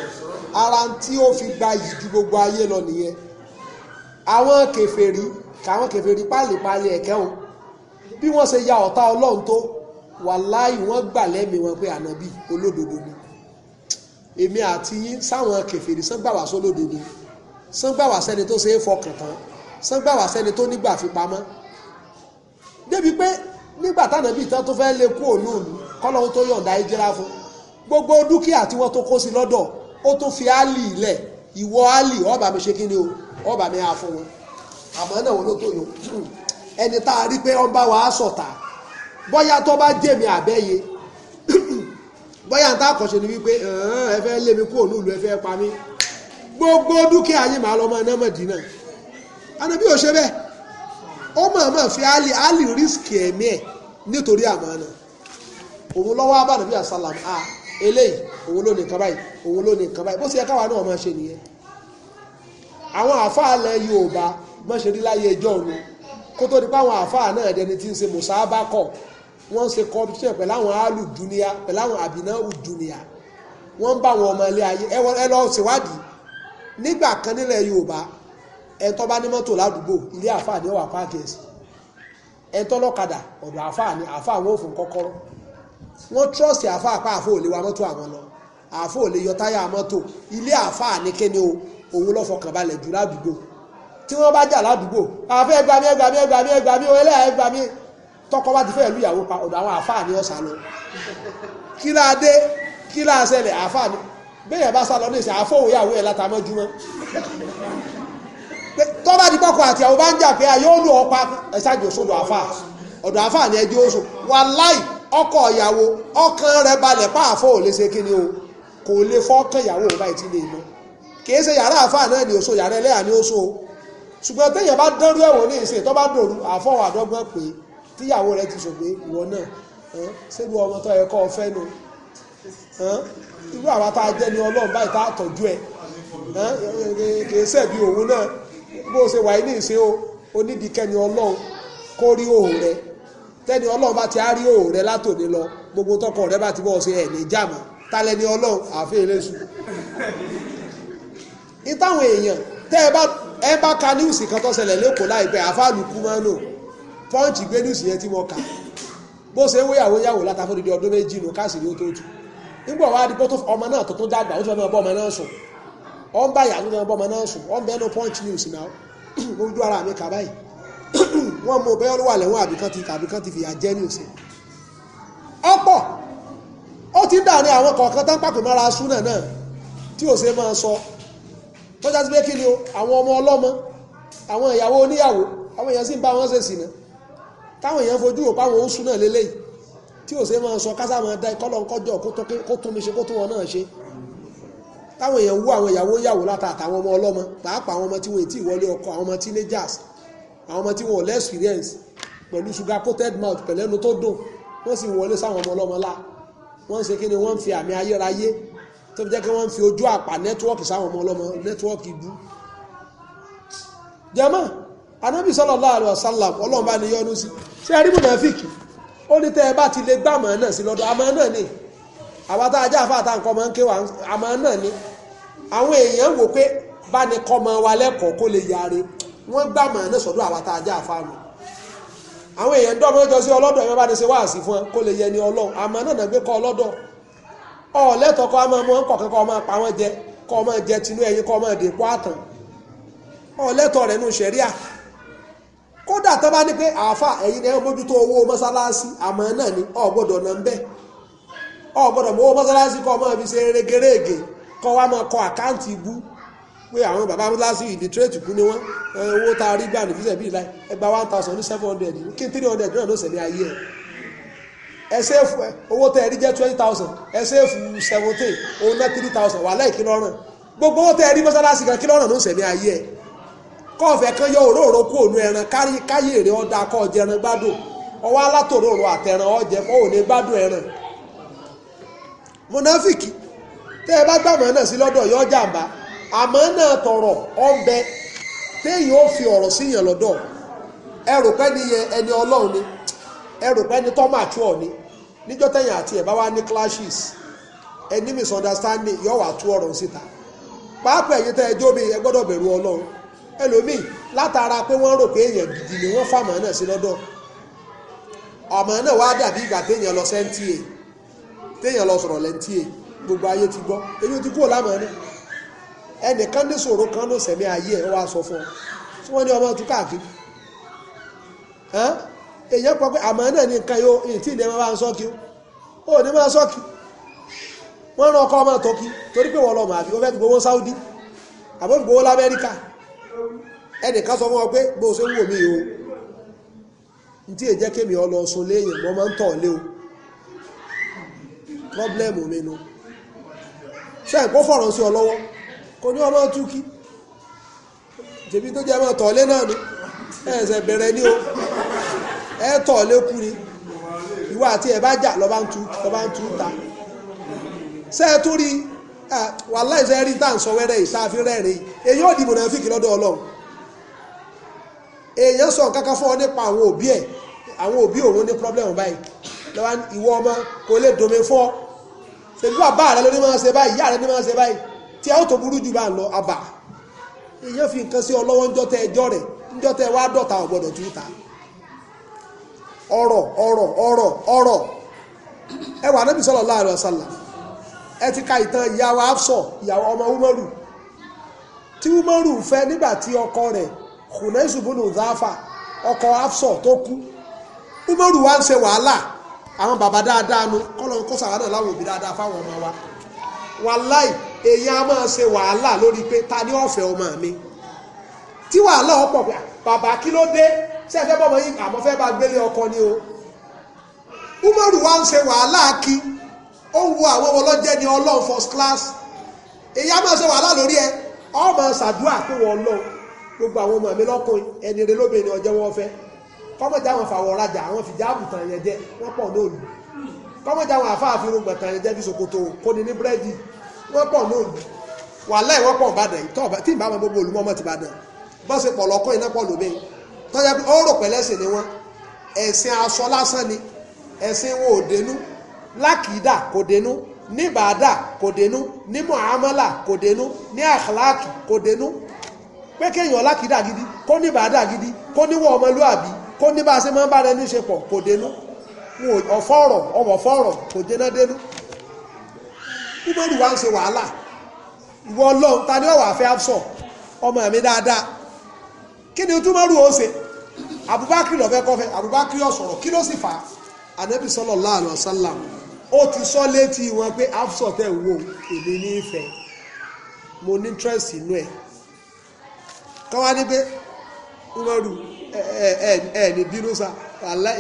ara tí ó fi gba yìí ju gbogbo ayé lọ nìyẹn àwọn kèfèrí káwọn kèfèrí pálípálí ẹ̀kẹ́ wọn bí wọ́n ṣe ya ọ̀tá ọlọ́run tó wàláì wọ́n gbà lẹ́mìí wọn pé ànábì olódodo ni èmi àti yín sáwọn kèfèrí sán gbà wá sólódo ni sán gbà wá sẹ́ni tó ṣe é fọkàn tán sán gbà wá sẹ́ni tó nígbà fi pamọ́ débi pé nígbà tánàbí tán tó fẹ́ẹ́ lé kú òun òlu kọ́lọ́hún tó yọ̀ǹda ìjẹ́ra fún gbogbo dúkìá tí wọ́n tó kó sí lọ́dọ̀ ó tó fi áàlì ilẹ̀ ìwọ áàlì ọba mi ṣe kíni o ọba mi á fún wọn àmọ́ náà wọn ló tó yọ ẹni tá a rí pé ó ń bá wa sọ̀tà bóyá tó bá jèmi àbẹ́yẹ bóyá n ta àkọ́ṣe ni wípé ẹ fẹ́ lé mi kúrò nílùú ẹ fẹ́ pa mí gbogbo dúkìá yìí màá lọ mọ iná mọ̀dínà ànábì ò ṣe bẹ́ẹ̀ ó mọ̀ọ́mọ̀ fi áàlì áàlì rísìkì ẹ̀mí ẹ̀ nítorí àmánà òun lọ́wọ́ abánàbí àsálàm a eléyìí òun ló ní nǹkan báyìí òun ló ní nǹkan báyìí bó ṣe yẹ káwa náà máa ṣe nìyẹn àwọn àáfàá lẹ Yorùbá mọ̀ ṣe rí láyé ẹjọ́ òun kó tó di pé àwọn àáfàá náà dẹni tí ń ṣe wọ́n ṣe competition pẹ̀lú àwọn alu dunia pẹ̀lú àwọn àbínà udunia wọ́n ń bá àwọn ọmọ ilé ayé ẹ lọ ṣèwádìí nígbà kan nílẹ̀ yorùbá ẹ̀ńtọ́ bá ní mọ́tò ládùúgbò ilé àfáà ní ọ̀wà páàkì ẹ̀sìn ẹ̀ńtọ́ lọ́kadà ọ̀dọ̀ àfáà ní àfáà wọn ò fún kọ́kọ́rọ́ wọ́n trọ́ọ̀sì àfáà pa àfáà ò lè wa mọ́tò àwọn lọ àfáà ò lè yọ táyà mọ́tò ilé àfáà ní kíni o òun ló fọkànbalẹ̀ jù ládùúgbò tí wọ́n bá jà ládùúgbò àfẹ́ gbàmí ẹgbàmí ẹgbàmí ẹgbàmí tọkọ bá ti fẹ́ lu ìyàwó pa ọ̀dọ̀ àwọn àáfàá ni ọ̀sà lọ kí láà dé kí láà ṣẹlẹ̀ àáfàá ni bẹ́ẹ̀ yẹn bá sá lọ ní ìsìn àáfọ̀ òyàwó ẹ̀ látàmọ́júmọ́ tọ́ bá di pọ́kọ àti àwọn bá ń jà pé ayé ó lù ọ̀pá ẹ̀ṣájú òṣòdò àáfàá ọ̀dọ̀ àáfàá ni ẹjọ́ oṣù wàláì ọkọ ìyàwó ọkàn rẹ̀ balẹ̀ páàfọ́ ò lè ṣe kí ni o kò lè fọ́kàn ìyàwó ni oṣù yàrá ẹlẹ́yà ni oṣù o ṣùgbọ́n téèyàn bá dánrú ẹ̀wọ̀n ní ìsìn tó bá dòru tíyàwó rẹ ti ṣògbé ìwọ náà ṣébi ọmọ tó yẹ kọ́ ọ fẹ́ nu irú àwa tá a jẹ́ ni ọlọ́run báyìí tá a tọ́jú ẹ̀ kìí ṣẹ̀bi òun náà bó o ṣe wà ní ìṣe o onídìí kẹ́ni ọlọ́run kó rí òun rẹ tẹ́ni ọlọ́run bá ti á rí òun rẹ látòní lọ gbogbo tọkọ rẹ bá ti bọ́ ọ ṣe ẹ̀ ní jàmọ́ talẹ́ni ọlọ́run àfi eléṣu ìtàwọn èèyàn tẹ́ ẹ bá ka níwùsì kan tó ṣẹlẹ̀ lẹ́kọ̀ọ́ láìpẹ́ àfáàlù kú máa ń lò pọ́ǹchì gbé níùsì yẹn tí wọ́n kà bó ṣe wéyàwó yàwó látàfó ọdún méjì nù ó tó tù nígbà di pọ́tò ọmọ náà tó dàgbà ó ti fẹ́ bọ́ ọmọ náà sùn ọ bá yàtọ̀ náà bọ́ ọmọ náà sùn ọ bẹ́ẹ̀ ní pọ́ǹchì níùsì náà ó ara mi kà báyìí wọ́n mú bẹ́ẹ̀ ló wà ti ti fìyà jẹ́ ti àwọn kọ̀ọ̀kan o àwọn ọmọ ọlọ́mọ àwọn ìyàwó oníyàwó táwọn èèyàn fojú wò páwọn oṣù náà lélẹ́yìí tí ò ṣe máa sọ kásá máa da ikọ́ lọ́n kọjọ́ kó tún mi ṣe kó tún wọn náà ṣe táwọn èèyàn wú àwọn ìyàwó yàwó láta àtàwọn ọmọ ọlọ́mọ pàápàá àwọn ọmọ tí wọn ò tí ì wọlé ọkọ àwọn ọmọ teenagers àwọn ọmọ tí wọn ò lẹ́ experience pẹ̀lú sugar coated mouth pẹ̀lẹ́nu tó dùn wọ́n sì wọlé sáwọn ọmọ ọlọ́mọ lá wọ́n ń ṣe kí ni wọ́n ń fi àmì ayérayé tó fi jẹ́ kí wọ́n ń fi ojú àpà nẹ́tíwọ́ọ̀kì sáwọn ọmọ ọlọ́mọ nẹ́tíwọ́ọ̀kì ibú. jẹ́mọ́ anábì sallallahu alaihi wasallam ọlọ́run bá ní yọ́nú sí ṣé ẹrí mùnàfíkì ó ní tẹ́ ẹ bá ti lè gbà àmọ́ náà sí lọ́dọ̀ àmọ́ náà ni àwa tá a já àfa àtàǹkọ́ ọmọ ń ké wa àmọ́ náà ni àwọn èèyàn wò pé bá ní kọ́ ọmọ wa lẹ́kọ̀ọ́ kó lè yáre wọ́n gbà àmọ́ náà sọ́dọ̀ àwa tá a já àfa nù àwọn èèyàn dọ́ mọ́jọ sí ọlọ́dọ̀ ẹ̀yọ́ bá ní ṣe wáàsí fún ẹ kó lè yẹ ni ọlọ́run àmọ́ náà nàgbé kọ́ ọlọ́dọ̀ ọ̀lẹ́tọ̀ kọ́ ọmọ ọmọ ọkọ̀ kẹ́kọ̀ọ́ ọmọ pa wọ́n jẹ kọ́ ọmọ jẹ tinú ẹyin kọ́ ọmọ dèpọ̀ àtàn ọ̀lẹ́tọ̀ rẹ̀ nù sẹ́ríà kódà tó bá ní pé àáfà ẹ̀yin ẹ̀ mójútó owó mọ́sálásí àmọ́ náà ni ọ̀ gbọ́dọ̀ nà ń bẹ̀ ọ̀ gbọ́dọ̀ mọ́ owó mọ́sálásí kọ́ ọmọ fi ṣe regerege kọ́ wa máa kọ àkáǹtì ibú pé àwọn bàbá mọ́sálásí ìdítrẹ́tì kú ni wọ́n owó tá a rí gbà ní fíṣẹ̀ bíi láì ẹgbà one thousand ní seven hundred kí three hundred náà ló sẹ̀lẹ̀ ayé ẹ̀ ẹ ṣéèfù ẹ owó tẹ ẹ rí jẹ́ twenty thousand ẹ ṣéèfù seventeen òun náà three thousand wà láì kí lọ́rùn gbogbo owó tẹ ẹ rí mọ́sálásí kan kí lọ́rùn ló sẹ̀lẹ̀ ayé ẹ̀ kọ́ọ̀fẹ́ kan yọ òróró kú òun ẹran kárí káyè rẹ ọ̀dà kọ́ ọ̀jẹran gbádùn ọwọ́ alátòróró àtẹ̀ràn ọ̀jẹ̀ fọ́ òun ní gbádùn ẹran mọ̀nàfìkì tẹ́ ẹ bá gbàmọ̀ náà sí lọ́dọ̀ yọ jàǹbá àmọ́ náà tọrọ ọ̀bẹ téèyàn ó fi ọ̀rọ̀ síyàn lọ́dọ̀ ẹrù pẹ́ ni yẹn ẹni ọlọ́run ni ẹrù pẹ́ ni tọ́mà àtú ọ̀ ni níjọ́ tẹ̀yìn àti ẹ̀ bá wá ní clashes ẹni misunderstanding yọ̀ wà tú ọ̀rọ̀ síta pàápàá ẹ̀yin tẹ́ ẹjọ́ mi ẹ gbọ́dọ̀ bẹ̀rù ọlọ́run ẹlòmíì látara pé wọ́n rò pé èèyàn gidi ni wọ́n fàmọ́ náà sí lọ́dọ̀ ọmọ náà wá dàbí ìgbà téèyàn lọ sẹ́ńtì è téèyàn lọ sọ̀rọ̀ lẹ́ńtì è gbogbo ayé ti gbọ́ èyí ti kúrò lámọ̀ ní ẹnìkan ní sòro kan ló sẹ̀mí ayé ẹ̀ wá sọ fún ọ tí wọ́n ní ọmọ tún káàkiri èèyàn pọ̀ pé àmọ́ náà ní nǹkan yóò èyí tí ìdẹ́ máa ń sọ́kí ó ní máa sọ́kí wọ́n rán ọkọ ọmọ tọ́kí torí pé wọ́n lọ màá fi fẹ́ gbowó Saudi àbó ti gbowó lamẹ́ríkà ẹnìkan sọ fún ọ pé bó o ṣe ń wò mí o ntí èjẹ́ kémi ọ lọ sun léèyàn mo máa ń tọ̀ lé o pọ́blẹ́mù mi nu ṣe ẹ̀kọ́ fọ̀rọ̀ sí ọ lọ́wọ́ kò ní ọmọ túkí tèmi tó jẹ́ máa tọ̀ lé náà ni ẹ̀ẹ́sẹ̀ bẹ̀rẹ̀ ní o ẹ̀ tọ̀ lé kú ni ìwọ àti ẹ̀ bá jà lọ́ba ń tú ta ṣe é tó rí i. Ah, wàhálà ìṣe rí tá à ń sọ wẹ́rẹ́ ìṣáfi rẹ́rìn èyí ò di mùnáfíkì lọ́dọ̀ ọlọ́run èèyàn sọ kankan fún ọ nípa àwọn òbí ẹ̀ àwọn òbí òun ní pọ́blẹ́mù báyìí lọ́wọ́ ìwọ ọmọ kò lè domi fún ọ ṣèbí bàbá rẹ ló ní máa ṣe báyìí ìyá rẹ ní máa ṣe báyìí tí a ó tó burú jù bá ń lọ àbà èèyàn fi nǹkan sí ọ ńjọ́ tẹ ẹjọ́ rẹ̀ ńjọ́ tẹ wá dọ̀ta ọ̀gbọ́dọ̀ tú ta ọ̀rọ̀ ọ̀rọ̀ ọ̀rọ̀ ọ̀rọ̀ ẹwà anábì sallallahu alaihi wasallam ẹ ti ka ìtàn ìyàwó afsọ ìyàwó ọmọ umaru tí umaru fẹ́ nígbà tí ọkọ rẹ̀ kùnẹ́sù bùnú záfà ọkọ afsọ tó kú umaru wá ń ṣe wàhálà àwọn bàbá dáadáa nu kọ́lọ́n kó sàrádà láwọn òbí dáadáa fáwọn ọmọ wa wàláì èèyàn a máa ṣe wàhálà lórí pé ta ni ọ̀fẹ́ ọmọ mi tí wàhálà ọ̀pọ̀ pé bàbá kí ló dé ṣé ẹ fẹ́ yìí àmọ́ fẹ́ bá gbélé ọkọ ni o umaru wá ń ṣe wàhálà kí ó wo àwọn ọlọ́jẹ́ ni ọlọ́run first class èyí á máa ṣe wàhálà lórí ẹ ọmọ ṣàdúrà pé wọ́n lọ gbogbo àwọn ọmọ mi lọ́kùnrin ẹni rẹ lóbìnrin ọjọ́ wọn fẹ́ kọ́mọ̀jà àwọn fàwọ̀ rajà àwọn fìjáàbù tàn yẹn jẹ wọ́n pọ̀ lóòlù kọ́mọ̀jà àwọn àfáàfin rògbà tàn yẹn jẹ bí ṣòkòtò kóni ní búrẹ́dì wọ́n pọ̀ lóòlù wàhálà ìwọ́n pọ̀ bàdàn tí ìbámu gbogbo olùmọ́mọ́ ti bàdàn bọ́n ṣe pọ̀ lọ́kùnrin náà pọ̀ lómi tọ́jà ó rò pẹ̀lẹ́sìn ni wọ́n ẹ̀sìn aṣọ lásán ni ẹ̀sìn wọn ò dénú lákìídà kò dénú ní bàdà kò dénú ní mọ̀hámọ́là kò dénú ní àkàlákì kò dénú pé kéèyàn lákìídà gidi kó ní bàdà gidi kó níwọ̀ ọmọlúàbí kó ní bá a ṣe máa ń bára ẹni ṣe pọ̀ kò dénú ọ̀fọ́rọ̀ ọmọ fọ́rọ̀ kò dénú dénú umaru wa ń ṣe wàhálà ìwọ ọlọ́run ta ni ọ̀wà fẹ́ absọ̀ ọmọ mi dáadáa kí ni túmọ̀rù ó ṣe abubakar lọ́fẹ́ kọ́fẹ́ abubakar ọ̀sọ̀rọ̀ kí ló sì fà á anabi sallallahu alaihi wasallam ó ti sọ létí wọn pé afsọ tẹ̀ ń wò èmi ní mo ní interest inú ẹ̀ káwá ní umaru ẹ ẹ ẹ ní bínú sa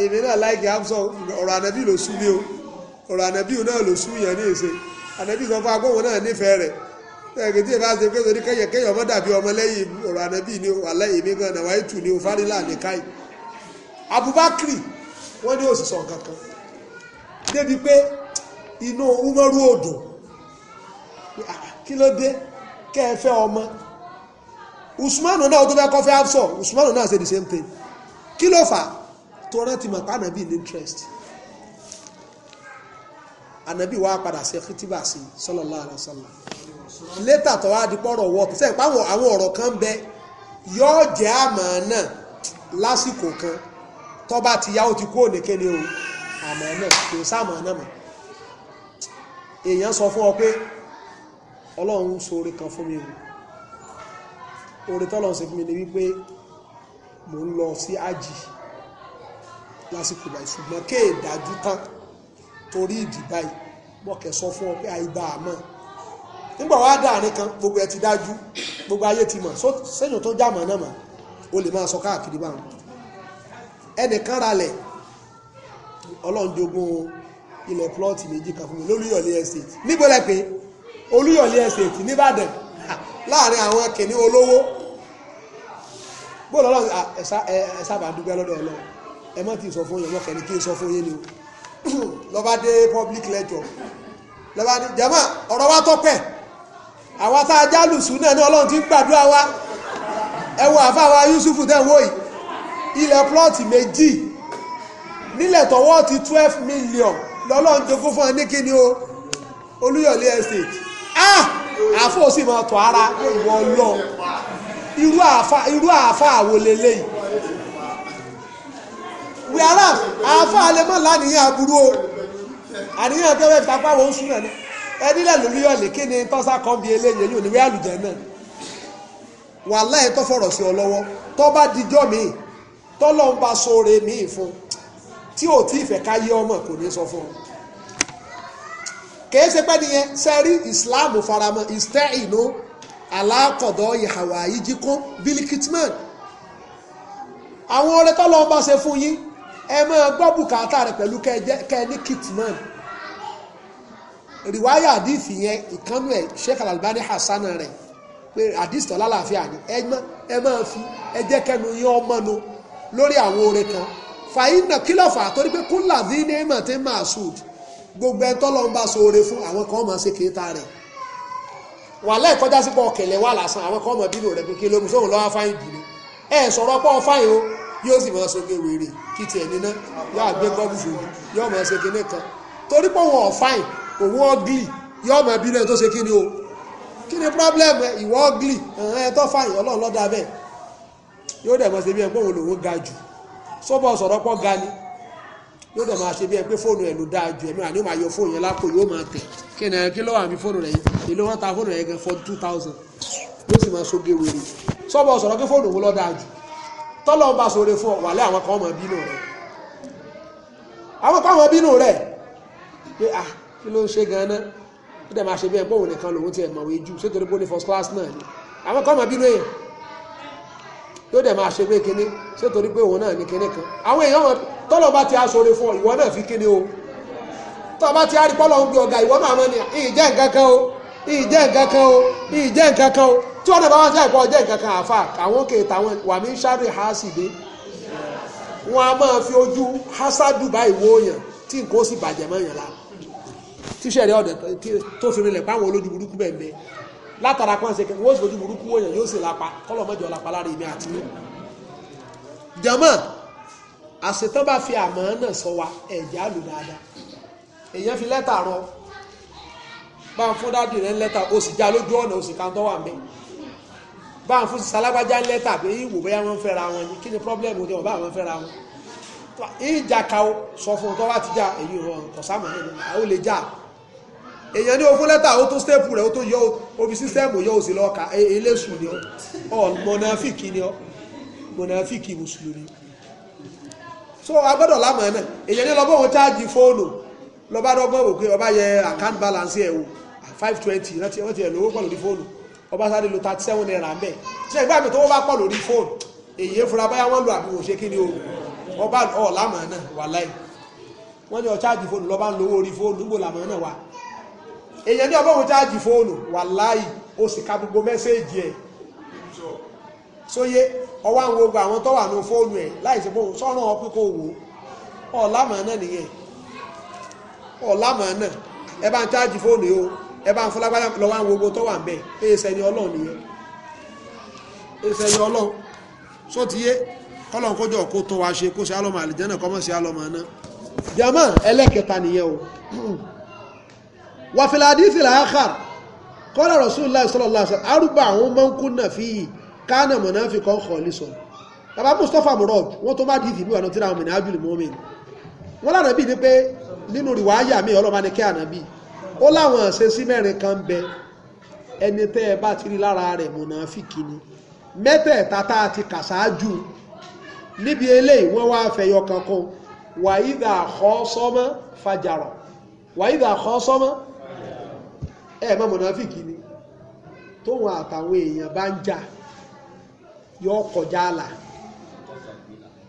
èmi náà láìkí afsọ ọ̀rọ̀ ànábì ló sún ní o ọ̀rọ̀ ànábì náà ló sún yẹn ní èsè ànábì sọ fún agbóhùn náà nífẹ̀ẹ́ rẹ̀ ẹgbẹ́ tí ẹ bá ṣe pé sori kẹyẹ kẹyẹ ọmọ dàbí ọmọ ni wàhálà èmi gan náà wáyé tù ní ofarila Abubakar débi pé inú umaru odò kí ló dé kẹfẹ́ ọmọ usmanu náà tó fẹ́ kọ́ fẹ́ afsọ usmanu náà ṣe the same thing kí ló fà tó rántí mọ̀ pa ànàbí ní interest ànàbí wa padà ṣe kìtìbà sí sallallahu alaihi wasallam létà tó wá di pọ́rọ̀ wọ́ọ̀tù sẹ́yìn pàwọn àwọn ọ̀rọ̀ kan bẹ yóò jẹ́ àmọ́ náà lásìkò kan tó bá ti yá ó ti kú òní kéde o àmọ́ náà kò sáàmọ́ náà mọ́ èèyàn sọ fún ọ pé ọlọ́run so oore kan fún mi o oore tọ́lọ́run ṣe fún mi ni wípé mò ń lọ sí àjì lásìkò báyìí ṣùgbọ́n kéè dájú tán torí ìdí báyìí bọ́kẹ̀ sọ fún ọ pé àìdá àmọ́ nígbà wàá dáàrin kan gbogbo ẹ ti dájú gbogbo ayé ti mọ̀ sẹ́yìn tó já mọ̀ náà mọ̀ o lè máa sọ káàkiri báwọn ẹnìkan ralẹ̀ ọlọ́run jogún o ilẹ̀ plọ́ọ̀tì méjì kan fún mi lólúyọ̀lé estate níbo lẹ pé olúyọ̀lé estate nìbàdàn láàrin àwọn kìnní olówó bóòlù ọlọ́run ah, ẹ sábà dúpẹ́ lọ́dọ̀ ọlọ́run ẹ mọ́ ti sọ fún yẹn mọ́kẹ́ ni kí n sọ fún yẹn ni o lọ́ba dé public lecture lọ́ba dé jama ọ̀rọ̀ wa tọ́pẹ́ àwa tá a jálùsù náà ní ọlọ́run ti ń gbàdúrà wa ẹ wo àfa wa Yusufu tẹ̀ wọ́ yìí ilẹ̀ plọ́ọ̀tì méjì nílẹ̀ tọwọ́ ti twelve million lọ́lọ́run jogún fún ẹ ní kíni o olúyọ̀lé estate ah àfọ̀ sì máa tọ̀ ara ìwọ lọ irú àfa irú àfa àwo leléyìí wíárà àfa alẹ́ mọ́ lánìyàn aburú o àníyàn tó wẹ́ẹ̀ tapá wọn ń súnà ní ẹnílẹ̀ lóríyọ̀lé kí ni tọ́sà kan bí eléyìí yóò ní wíyà lùjẹ́ náà wàhálà ẹ̀ tó fọ̀rọ̀ sí ọ lọ́wọ́ tó bá dijọ́ mi tọ́lọ́ ń ba sóore mi fún un tí ò tí ìfẹ́ ká yé ọmọ kò ní sọ fún ọ kìí ṣe pé nìyẹn sẹ́rí islam faramọ́ ìstẹ́ìnú alákọ̀dọ̀ ìhàwá yìí jíkún kitman àwọn ọ̀rẹ́ tọ́lọ́ ọba ṣe fún yín ẹ máa gbọ́ bùkátà rẹ̀ pẹ̀lú kẹ́ẹ̀ní kitman rìwáyà àdìfì yẹn ìkánú ẹ̀ sheikh alalbani hasan rẹ̀ pé àdìsí tọ́lá làáfíà ni ẹ máa fi ẹ jẹ́ kẹ́nu yín ọmọ nu lórí àwọn ọ̀rẹ́ kan fàyínà kílọ̀fà torí pé kúlà dí ní èèmọ̀ tí máa sùd gbogbo ẹni tọ́lọ́ ń bá ṣoore fún àwọn kan máa ṣe kéta rẹ̀ wà láì kọjá sí pọ̀ kẹ̀lẹ́ wà lásán àwọn kan máa bínú rẹ̀ pé kí ló mú sóhun lọ́wọ́ fáyín dùn ẹ sọ̀rọ̀ pọ̀ fáyín o yóò sì máa ṣoge wèrè kí tiẹ̀ níná yóò àgbẹ̀ gọ́ọ̀bù fòun yóò máa ṣe kinní kan torí pé òun ọ̀fáyìn òun ọ́gìlì yóò máa bínú ẹ tó ṣe kíni o kíni problem ìwọ ọ́gìlì ẹ̀ tó fáyìn ọlọ́ọ̀lọ́dà bẹ́ẹ̀ yóò dẹ̀ máa ṣe bí ẹ pé òun lòun ga jù sọ́bọ̀ sọ̀rọ̀ pọ̀ ga ni yóò dẹ̀ máa ṣe bí ẹ pé fóònù ẹ̀ ló dáa ju ẹ̀mí àní ó máa yọ fóònù yẹn lápò yóò máa tẹ̀ kí ni kí ló wà ní fóònù rẹ̀ yìí èló wọn ta fóònù rẹ̀ gan for two thousand yóò sì máa soge wèrè sọ́bọ̀ sọ̀rọ̀ pé fóònù wọn lọ dáa jù tọ́lọ́ ń bá sọ̀rọ̀ fún ọ wàlẹ́ àwọn kan máa bínú rẹ̀ àwọn kan máa bínú rẹ̀ pé ah kí ló ń ṣe gan-an ó dẹ̀ máa ṣe bí ẹ pé òun nìkan lòun ti ẹ̀ mọ̀wé jù first class náà ni àwọn kan máa yóò dẹ̀ máa ṣe pé kíní ṣé torí pé òun náà ní kíní kan àwọn èèyàn tọ́lọ̀ bá ti aṣọre fún ọ ìwọ náà fi kíní o tọ́ bá ti arí pọ́lọ̀ ń gbé ọ̀gá ìwọ náà mọ́ ni ìjẹ́ nǹkan kan o ìjẹ́ nǹkan kan o ìjẹ́ nǹkan kan o tí wọ́n náà bá wá sí àìpọ́ ọjẹ́ nǹkan kan àfa àwọn kè táwọn wà mí sáré ha sì dé wọn a máa fi ojú hasadu báyìí wo yàn tí nǹkan ó sì bàjẹ́ mọ́ yàn la tíṣẹ̀rẹ́ ọ̀dẹ̀ tó fi rinlẹ̀ báwọn olójú burúkú bẹ́ẹ̀ bẹ́ẹ̀ látara pọ́n ṣe kẹ́kẹ́ wọ́n sì fojú burúkú wọ̀nyẹn yóò sì lápa kọ́lọ̀ mọ́jọ lápa lára èmi àti yín. jọ̀mọ́ àṣetán bá fi àmọ́ náà sọ wa ẹ̀jẹ̀ á lò dáadáa èèyàn fi lẹ́tà rọ bá ń fún dádì rẹ̀ lẹ́tà o sì já lójú ọ̀nà o sì kàn tọ́ wà mẹ́ bá ń fún salágbájá lẹ́tà pé ìwò bẹ́ẹ̀ wọ́n fẹ́ra wọn ni kí ni pọ́blẹ́mù tí wọ́n bá wọn fẹ́ra wọn ìjà ka sọ fún un tọ́wọ́ àtijà èyí ò rọrùn kọ̀sámọ́ èèyàn ní ogún lẹ́tà ó tó stẹ́ẹ̀pù rẹ̀ ó tó yọ omi sísẹ́ẹ̀mù yọ òsì lọ́ọ̀ka e, eléṣù ni ọ mọ̀nàfíìkì ni ọ mọ̀nàfíìkì mùsùlùmí so agbọ́dọ̀ lámọ̀ ẹ̀ náà èèyàn ní lọ́bọ̀ wọn cháàjì fóònù lọ́ba dọ́gbọ́n wò pé ọba yẹ account balance ẹ̀ wò five twenty rántí wọ́n ti ẹ̀ lówó pọ̀ lórí fóònù ọba sáré lo thirty seven naira ń bẹ̀ ṣe ìgbà mi tó wọ́n bá pọ̀ lórí fóònù èyí fúnra báyà wọ́n lo àbí wò ṣe kí ni o ọba ọ̀ lámọ̀ ẹ̀ náà wà láì wọ́n ní ọ cháàjì fóònù lọ́ba ń lówó orí fóònù nígbò lámọ̀ ẹ̀ náà wà èèyàn ní ọgọ́rùn-ún táàjì fóònù wàláì ó sì ka gbogbo mẹ́sẹ́ẹ̀jì ẹ̀ sóyé ọwọ́ àwọn gbogbo àwọn tó wà ní fóònù ẹ̀ láì sí fóònù sọ́run ọ pínkó wò ọ̀làmọ̀ náà nìyẹn ọ̀làmọ̀ náà ẹ bá ń táàjì fóònù yìí o ẹ bá ń fọlágbájá lọ́wọ́ àwọn gbogbo tó wà ń bẹ̀ èsẹ̀ ni ọlọ́run nìyẹn èsẹ̀ ni ọlọ́run só ti yé kọ́lọ̀n kójọ kó tó wa ṣe kó ṣe alọ́mọ àlìjẹ́nà kọ́mọ́ sí alọ́mọ náà jama ẹlẹ́kẹta nìyẹn o wàfìlà àdìsí làákàr kọ́lá rasulullah sallallahu alaihi wasallam arúgbó àwọn máa ń kúnnà fi kánà mọ̀nà fi kọ́ kọ́ lè sọ bàbá mustapha murad wọ́n tó má dìsí bí wà lọ́tí àwọn mìíràn ájúlì mọ́mí wọ́n lànà bí ní pé nínú rìwáyà mi ọlọ́mọ ni kí ànábì ó láwọn ṣe sí mẹ́rin kan bẹ ẹni tẹ́ ẹ bá ti rí lára rẹ̀ mọ̀nà fi kíni mẹ́tẹ̀ẹ̀ta tá a ti kà ṣáájú níbi eléyìí wọ́n wá fẹ̀yọ kankan wàyídà àkọ́ sọ́mọ́ fajarọ̀ wàyídà àkọ́ sọ́mọ́ ẹ mọ mọnàfíìkì ni tóun àtàwọn èèyàn bá ń jà yọ kọjá àlà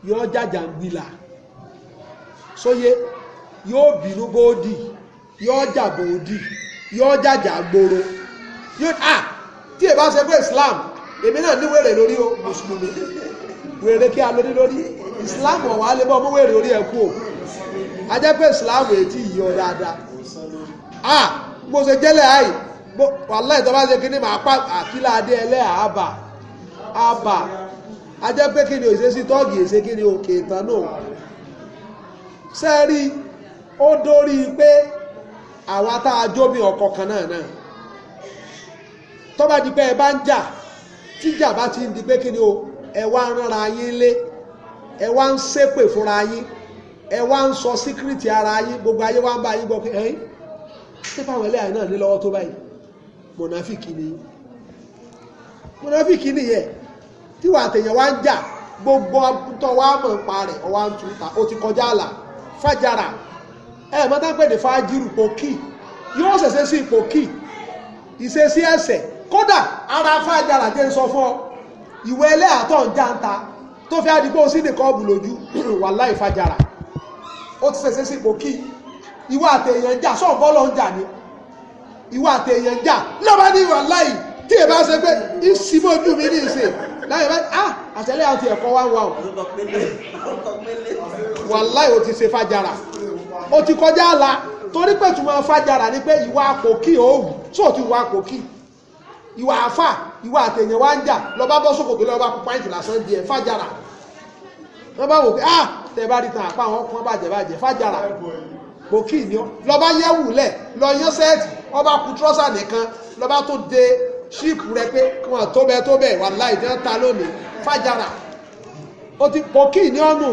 yọ jàjàngbìlà sóyé yóò bínú bóódì yọ jà bóódì yọ jàjà gbòòrò yóò à tí èèbá ṣe pé Islam èmi náà ní wèrè lórí o mùsùlùmí wèrè kí a lórí lórí Islam ọ̀wá lè bọ́ ọmọ wèrè orí ẹ̀ o a jẹ́ pé Islam èyí tí ì yọ dáadáa. bó ṣe jẹ́lẹ̀ àì wàhálà ìjọba ṣe kí ni màá pa àkílà adé ẹlẹ́ àbà àbà ajẹ́ pé kí ni òṣèṣì tọ́ọ̀gì èṣe kí ni òkè ìtàn náà sẹ́ẹ̀rí ó dórí pé àwa tá a jómi ọkọ̀ kan náà náà tọ́ba di ẹ bá ń jà tíjà bá ti ń di pé kí ni o ẹ wá ń yín lé ẹ wá ń fúnra ara yín gbogbo ayé wá ń bá yín ṣé táwọn ẹlẹ́yà náà ní lọ́wọ́ tó báyìí mọ̀nàfíkì ni mọ̀nàfíkì nìyẹn tí wàá tèèyàn wá ń jà gbogbo tó wá mọ̀ ń pa rẹ̀ ọwá ń tu ta ó ti kọjá àlà fàjàrà ẹ mọ́tà pé ní fàájìrù ipò kì yóò ṣẹ̀ṣẹ̀ sí ipò kì ìṣesí ẹ̀ṣẹ̀ kódà ara fàjàrà jẹ́ ń sọ fún ọ ìwé ẹlẹ́yà tó ń já ń ta tó fi àdìgbò sí nìkan ọ̀bùn lójú wàláì fàjàrà ó ti ṣẹ̀ṣẹ̀ sí ipò kì ìwọ àtẹ̀yàn jà sọ̀rọ̀ bọ́ọ̀lù ń jà ni ìwọ àtẹ̀yàn jà lọ́ba ní ìwà láì tí èèyàn bá ṣe pé ìsìmọ̀ ojú mi ní ìsìn láyé bá a ah, àtẹ̀lé àti ẹ̀kọ́ wá wà o wà láì o ti ṣe fàjàrà o ti kọjá àlà torí pé tùmọ̀ fàjàrà ni pé ìwà àpòkì òòwù sóòtú ìwà àpòkì ìwà àfà ìwà àtẹ̀yàn wá ń jà lọ́ba bọ́ sókòtò lọ́ba pupa ìtì lásán di ẹ̀ fàjàrà wọ́n bá wò pé a ah, tẹ̀ bá rí tan àpá àwọn ọkùnrin bàjẹ́ bàjẹ́ fàjàrà pòkì ni ó lọ́ba yẹ wùlẹ̀ lọ yán sẹ́ẹ̀tì ọba kú trọ́sà nìkan lọ́ba tó de ṣíìpù rẹ pé wọn tó bẹ tó bẹ wà láì jẹ́ ta lónìí fàjàrà ó ti pòkì ni ó nù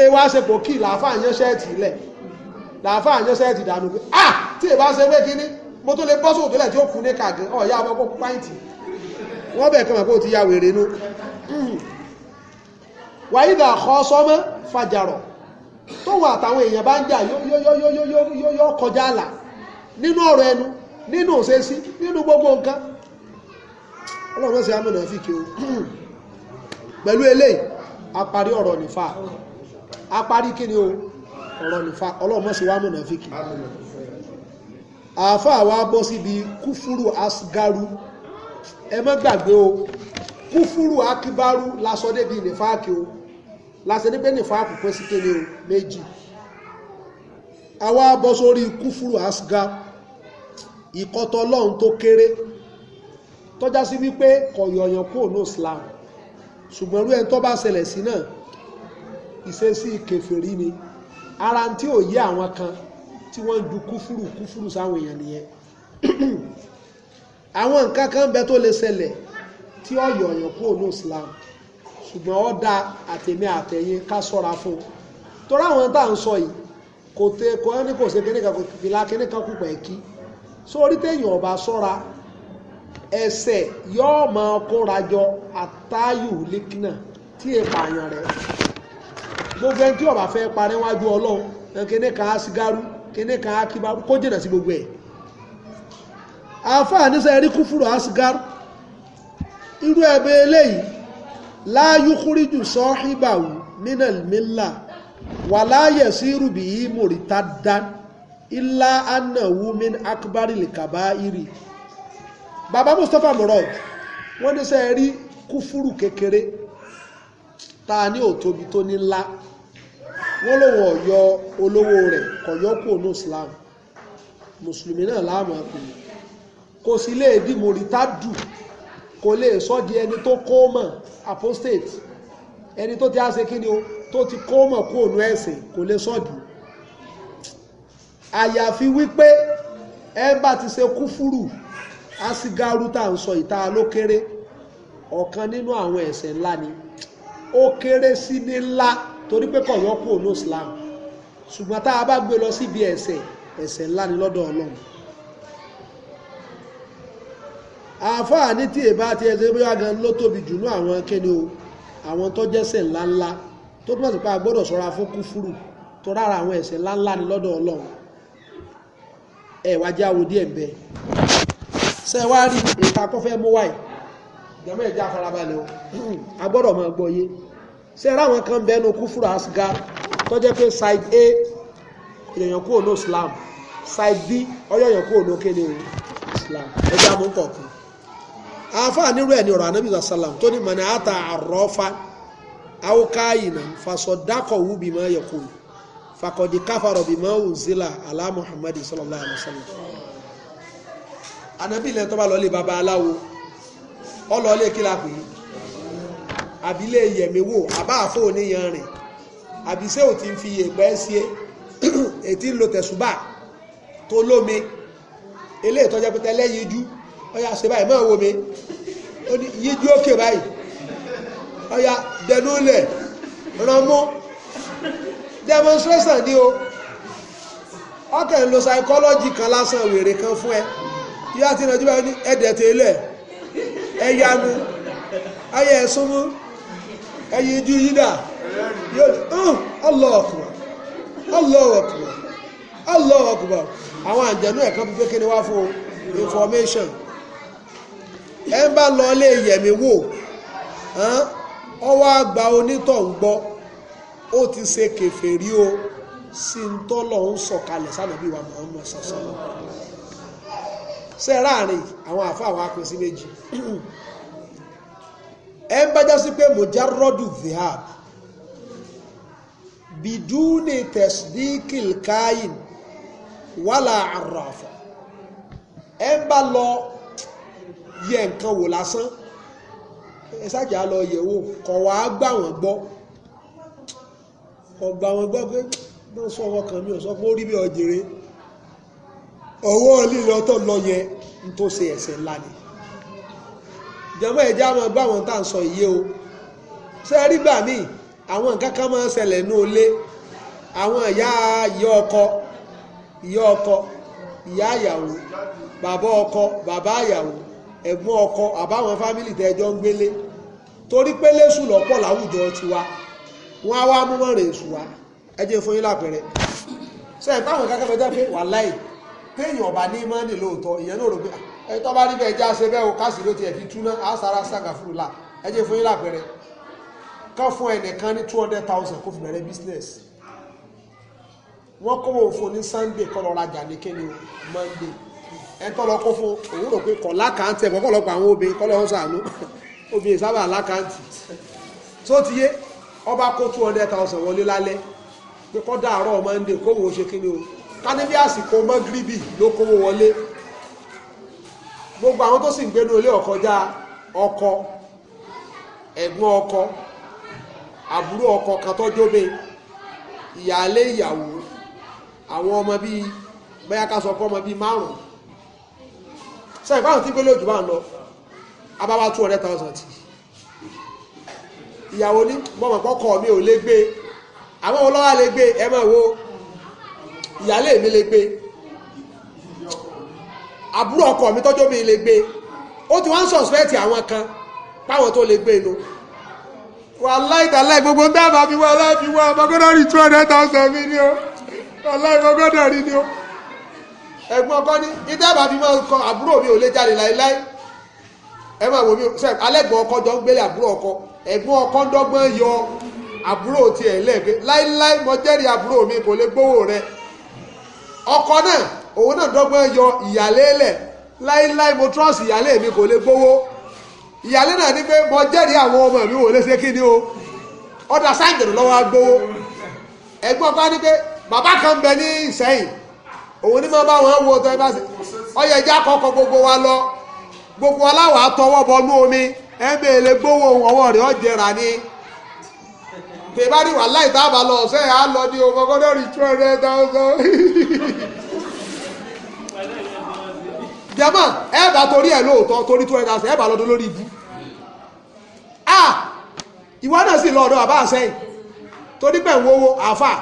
ẹ wá ṣe pòkì làáfà yán sẹ́ẹ̀tì lẹ̀ làáfà yán sẹ́ẹ̀tì dànù pé ah tí ì bá ṣe pé kíní mo tó lè bọ́ sóòtú lẹ̀ tí ó kú ní kàgán ọ̀ yá ọmọ kó pàǹtì wọ́n bẹ̀ kàn mọ̀ pé ó ti ya wèrè nú hmm. wàyí dà kọ́ sọ́mọ́ fàjàrọ̀ tóun àtàwọn èèyàn bá ń jà yóò kọjá àlà nínú ọ̀rọ̀ ẹnu nínú òṣèṣí nínú gbogbo nǹkan ọlọ́run ṣe amúnà fìkì o pẹ̀lú eléyìí a parí ọ̀rọ̀ nìfà a parí kí ni o ọ̀rọ̀ nìfà ọlọ́run ṣe amúnà fìkì àáfàá wa bọ́ síbi kúfúrú asgaru ẹ má gbàgbé o kúfúrú akibaru lasọ débi nìfà kí o láṣẹ ní pé nìfà àpùpẹ́ sí kéde o méjì àwa bọ́ sórí kúfúrú asga ìkọ́tọ̀ ọlọ́run tó kéré tọ́já sí wípé kọ̀yọ̀yàn kúrò ní Islam ṣùgbọ́n irú ẹni tó bá ṣẹlẹ̀ sí náà ìṣesí kèfèrí ni ara tí ò yé àwọn kan tí wọ́n ń ju kúfúrú kúfúrú sáwọn èèyàn nìyẹn àwọn nǹkan kan bẹ tó lè ṣẹlẹ̀ tí ọ̀yọ̀yàn kúrò ní Islam ṣùgbọ́n ó dáa àtẹ̀mí àtẹ̀yìn ká sọ́ra fún un torí àwọn tá à ń sọ yìí kò tẹ kò ní kò ṣe kíníkan kò fìlà kíníkan kù pẹ̀ kí sórí téèyàn ọba sọ́ra ẹsẹ̀ yóò máa kóra jọ àtayù líkínà tí èèpà àyàn rẹ̀ gbogbo ẹni tí ọba fẹ́ parẹ́ wájú ọlọ́run kíníkan á sígárú kíníkan á kíbarú kó jìnnà sí gbogbo ẹ̀ àfáà nísà ẹ̀rí kúfúrò á sígárú irú ẹ̀bẹ̀ eléyìí láyúkúríjù sọ́híbàwù minal milla wà láyẹ̀ sí rùbí yìí mòrítà dá ilá anáwú min akbari lìkàbá irì bàbá Mustapha Murad wọ́n ní sẹ́ rí kúfúrù kékeré ta ní òtóbi tó ní ńlá wọ́n lòun ọ̀yọ́ olówó rẹ̀ kọ̀yọ́ kù ní Islam mùsùlùmí náà láàmú ọkùnrin kò sí lè dí mòrítà dùn kò lè sọ di ẹni tó kó mọ̀ apostate ẹni tó ti á ṣe kí ni o tó ti kó mọ̀ kó ònú ẹ̀sìn kò lè sọ di àyàfi wípé ẹ bá ti ṣe kúfúrù asigaru tá à ń sọ ìta ló kéré ọ̀kan nínú àwọn ẹ̀ṣẹ̀ ńlá ni ó kéré sí ní ńlá torí pé kọ̀yọ́ kú ònú Islam ṣùgbọ́n tá a bá gbé lọ síbi ẹ̀ṣẹ̀ ẹ̀ṣẹ̀ ńlá ni lọ́dọ̀ Ọlọ́run àáfàá ní tí èbá ti ẹsẹ̀ bóyá gan ló tóbi jù ní àwọn kíni o àwọn tó jẹ́sẹ̀ ńláńlá tó túmọ̀ sí pé a gbọ́dọ̀ ṣọ́ra fún kúfúrù tó rárá àwọn ẹ̀ṣẹ̀ ńláńlá ni lọ́dọ̀ ọlọ́run ẹ wá jẹ́ àwò díẹ̀ bẹ́ẹ̀ ṣe wá rí ìta kọ́fẹ́ mú wáyé ìjọba ẹ̀jẹ̀ àfarabalẹ̀ o a máa gbọ́ yé ṣe ráwọn kan bẹnu kúfúrù asgar tó jẹ́ pé side a èèyàn kúrò ní Islam side b ọyọ́ èèyàn kúrò ní kéde Islam ẹ̀jẹ̀ àmúkọ̀ọ̀kan Afa aniru ẹ̀ ní ọ̀rọ̀ anábì sàlám tó ní mọ̀nà àtà àrọ́fà àwòkáyìnà fàṣọdákọ̀ wù bímọ yẹ̀kù fàkọ̀dí káfàrọ̀ bímọ òǹzílà alá muhammad sallallahu alaihi wasallam. anábì ilẹ̀ tó bá lọ lé baba aláwo ọlọ lé kí la pè é àbílẹ̀ yẹ̀mẹ̀wò àbá àfọ̀ oníyan rìn àbísẹ́ ò ti fi èèpẹ́ sí é ètí ń lo tẹ̀sùbà tó lómi eléyìí tọ́jà pé ọya ṣe báyìí máa wo mi ó ní yíjú òkè báyìí ọya dẹnu lẹ̀ rànmú demonstration ni o ọkàn ń lo psychology kan lásán wèrè kan fún ẹ yóò àti ìrànjú báyìí ní ẹ̀dẹ̀ tẹ́lẹ̀ ẹ yanu ayé ẹ súnmú ẹ yíjú yídà yóò ní ọlọ́ọ̀kùn ọlọ́ọ̀kùn ọlọ́ọ̀kùn àwọn àjẹnú ẹ̀kan pípé kí ni wá fún information ẹ ń bá lọ ilé yẹ̀mí wò ọwọ́ àgbà onítọ̀ ń gbọ́ ó ti ṣe kèfèrí o sí ń tọ́lọ̀ ń sọ̀kalẹ̀ sánàbí wa Muhammad sọ̀sọ́lọ́ ṣe ráàrin àwọn àfáà wa pín sí méjì ẹ ń bájá sí pé mojarrodu vihab bidúni tẹ̀sídíkìl káyìn wàlà àràfà ẹ ń bá lọ yẹ nǹkan wò lásán ẹ ṣáàjà lọ yẹ̀wò kọ̀ wá gbà wọ́n gbọ́ kọ̀ gbà wọ́n gbọ́ pé wọ́n sọ ọmọ kan mi ò sọ pé ó rí bí ọjèrè ọwọ́ lílọ tó lọ yẹn ń tó ṣe ẹ̀ṣẹ̀ ńlá ni jọmọ ẹ̀jẹ̀ àwọn bá wọn tá à ń sọ iye o ṣe rí gbà míì àwọn nǹkan kan máa ń ṣẹlẹ̀ ní ilé àwọn ìyá ìyá ọkọ ìyá ọkọ ìyá ìyàwó bàbá ọkọ bàbá ìyàwó ẹ̀gbọ́n ọkọ àbáwọn fámìlì tẹ́jọ́ ń gbélé torí pé lẹ́sù lọ́pọ̀ láwùjọ tiwa wọ́n á wá mú mọ́rin èṣù wá ẹ jẹ́ fún yín lápẹẹrẹ ṣe ẹ̀ táwọn kankan fẹ́ jẹ́ pé wàláì téèyàn ọba ní mọ́ni lóòótọ́ ìyẹn náà rò pé ẹ tọ́ bá rí bẹ́ẹ̀ já ṣe bẹ́ẹ̀ o káàsì ló tiẹ̀ fi túná á sára sága fún un la ẹ fún yín lápẹẹrẹ kán fún ẹnìkan ní two hundred thousand kó fi bẹ̀rẹ̀ business wọ́n kọ́wọ́ fún ní Sunday kọ́ lọ rajà ní kéde Monday ẹ tọ́ lọ kó fún òun rò pé kọ̀ lákàntì ẹ̀ pọ̀pọ̀lọpọ̀ àwọn obìnrin kọ́ lọ́wọ́ sàánú obìnrin sábà lákàntì tó ti yé ọba kó two hundred thousand wọlé lálẹ́ pé kọ́ dàárọ̀ mọ́ndé kówó ṣe kí ni o kánibí àsìkò mọ́gíríbì ló kówó wọlé gbogbo àwọn tó sì ń gbénú ilé ọ̀kọjá ọkọ ẹ̀gbọ́n ọkọ àbúrò ọkọ kan tọ́jú obe ìyáálé ìyàwó àwọn ọmọ bíi bẹ́yà ká sọ pé ọmọ bíi márùn-ún ṣe ìbáwọn tí gbélé òjò bá ń lọ abáwá two hundred thousand ti ìyàwó ní mọ̀mọ̀ kọ́kọ́ mi ò lè gbé àwọn ọlọ́wà lè gbé ẹ máa wo ìyálé mi lè gbé àbúrò ọkọ mi tọ́jú mi lè gbé ó ti wá ń suspect àwọn kan páwọn tó lè gbé inú wàláì tàláì gbogbo ń bá àbá fi wá aláì fi wá ọmọ gbọ́dọ̀ rí two hundred thousand mi ni ó wàláì ọmọ gbọ́dọ̀ rí ni ó. ẹ̀gbọ́n ọkọ ni ìdábà ọkọ àbúrò mi ò lè jáde láéláé ẹ máa wò mí sẹ ọkọ jọ ń gbélé ọkọ ẹ̀gbọ́n ọkọ ń yọ àbúrò tiẹ̀ lẹ́ẹ̀gbẹ́ láéláé mo jẹ́rìí mi kò lè gbówó rẹ ọkọ náà òun náà dọ́gbọ́n yọ ìyálé láéláé mo mi kò lè náà pé àwọn ọmọ mi lè ṣe kí ni o ọkọ òun ní máa bá wọn wo ọtọ ẹ bá ṣe ọyẹ ẹjẹ àkọ́kọ́ gbogbo wa lọ gbogbo aláwọ àtọwọ́ bọnú omi ẹ ń bèèrè gbówó ọwọ́ rẹ̀ ọjẹra ni tèbárí wà láì tábà lọ ọ̀sẹ̀ yà á lọ ní o gbọ́dọ̀ rí two hundred thousand. jẹ́mọ̀ ẹ bá torí ẹ̀ lóòótọ́ torí two hundred thousand ẹ bá lọ́dún lórí ibú. ìwọ náà sì lọ ọ̀dọ̀ àbá àṣẹyìn torí pé ń wowó àáfà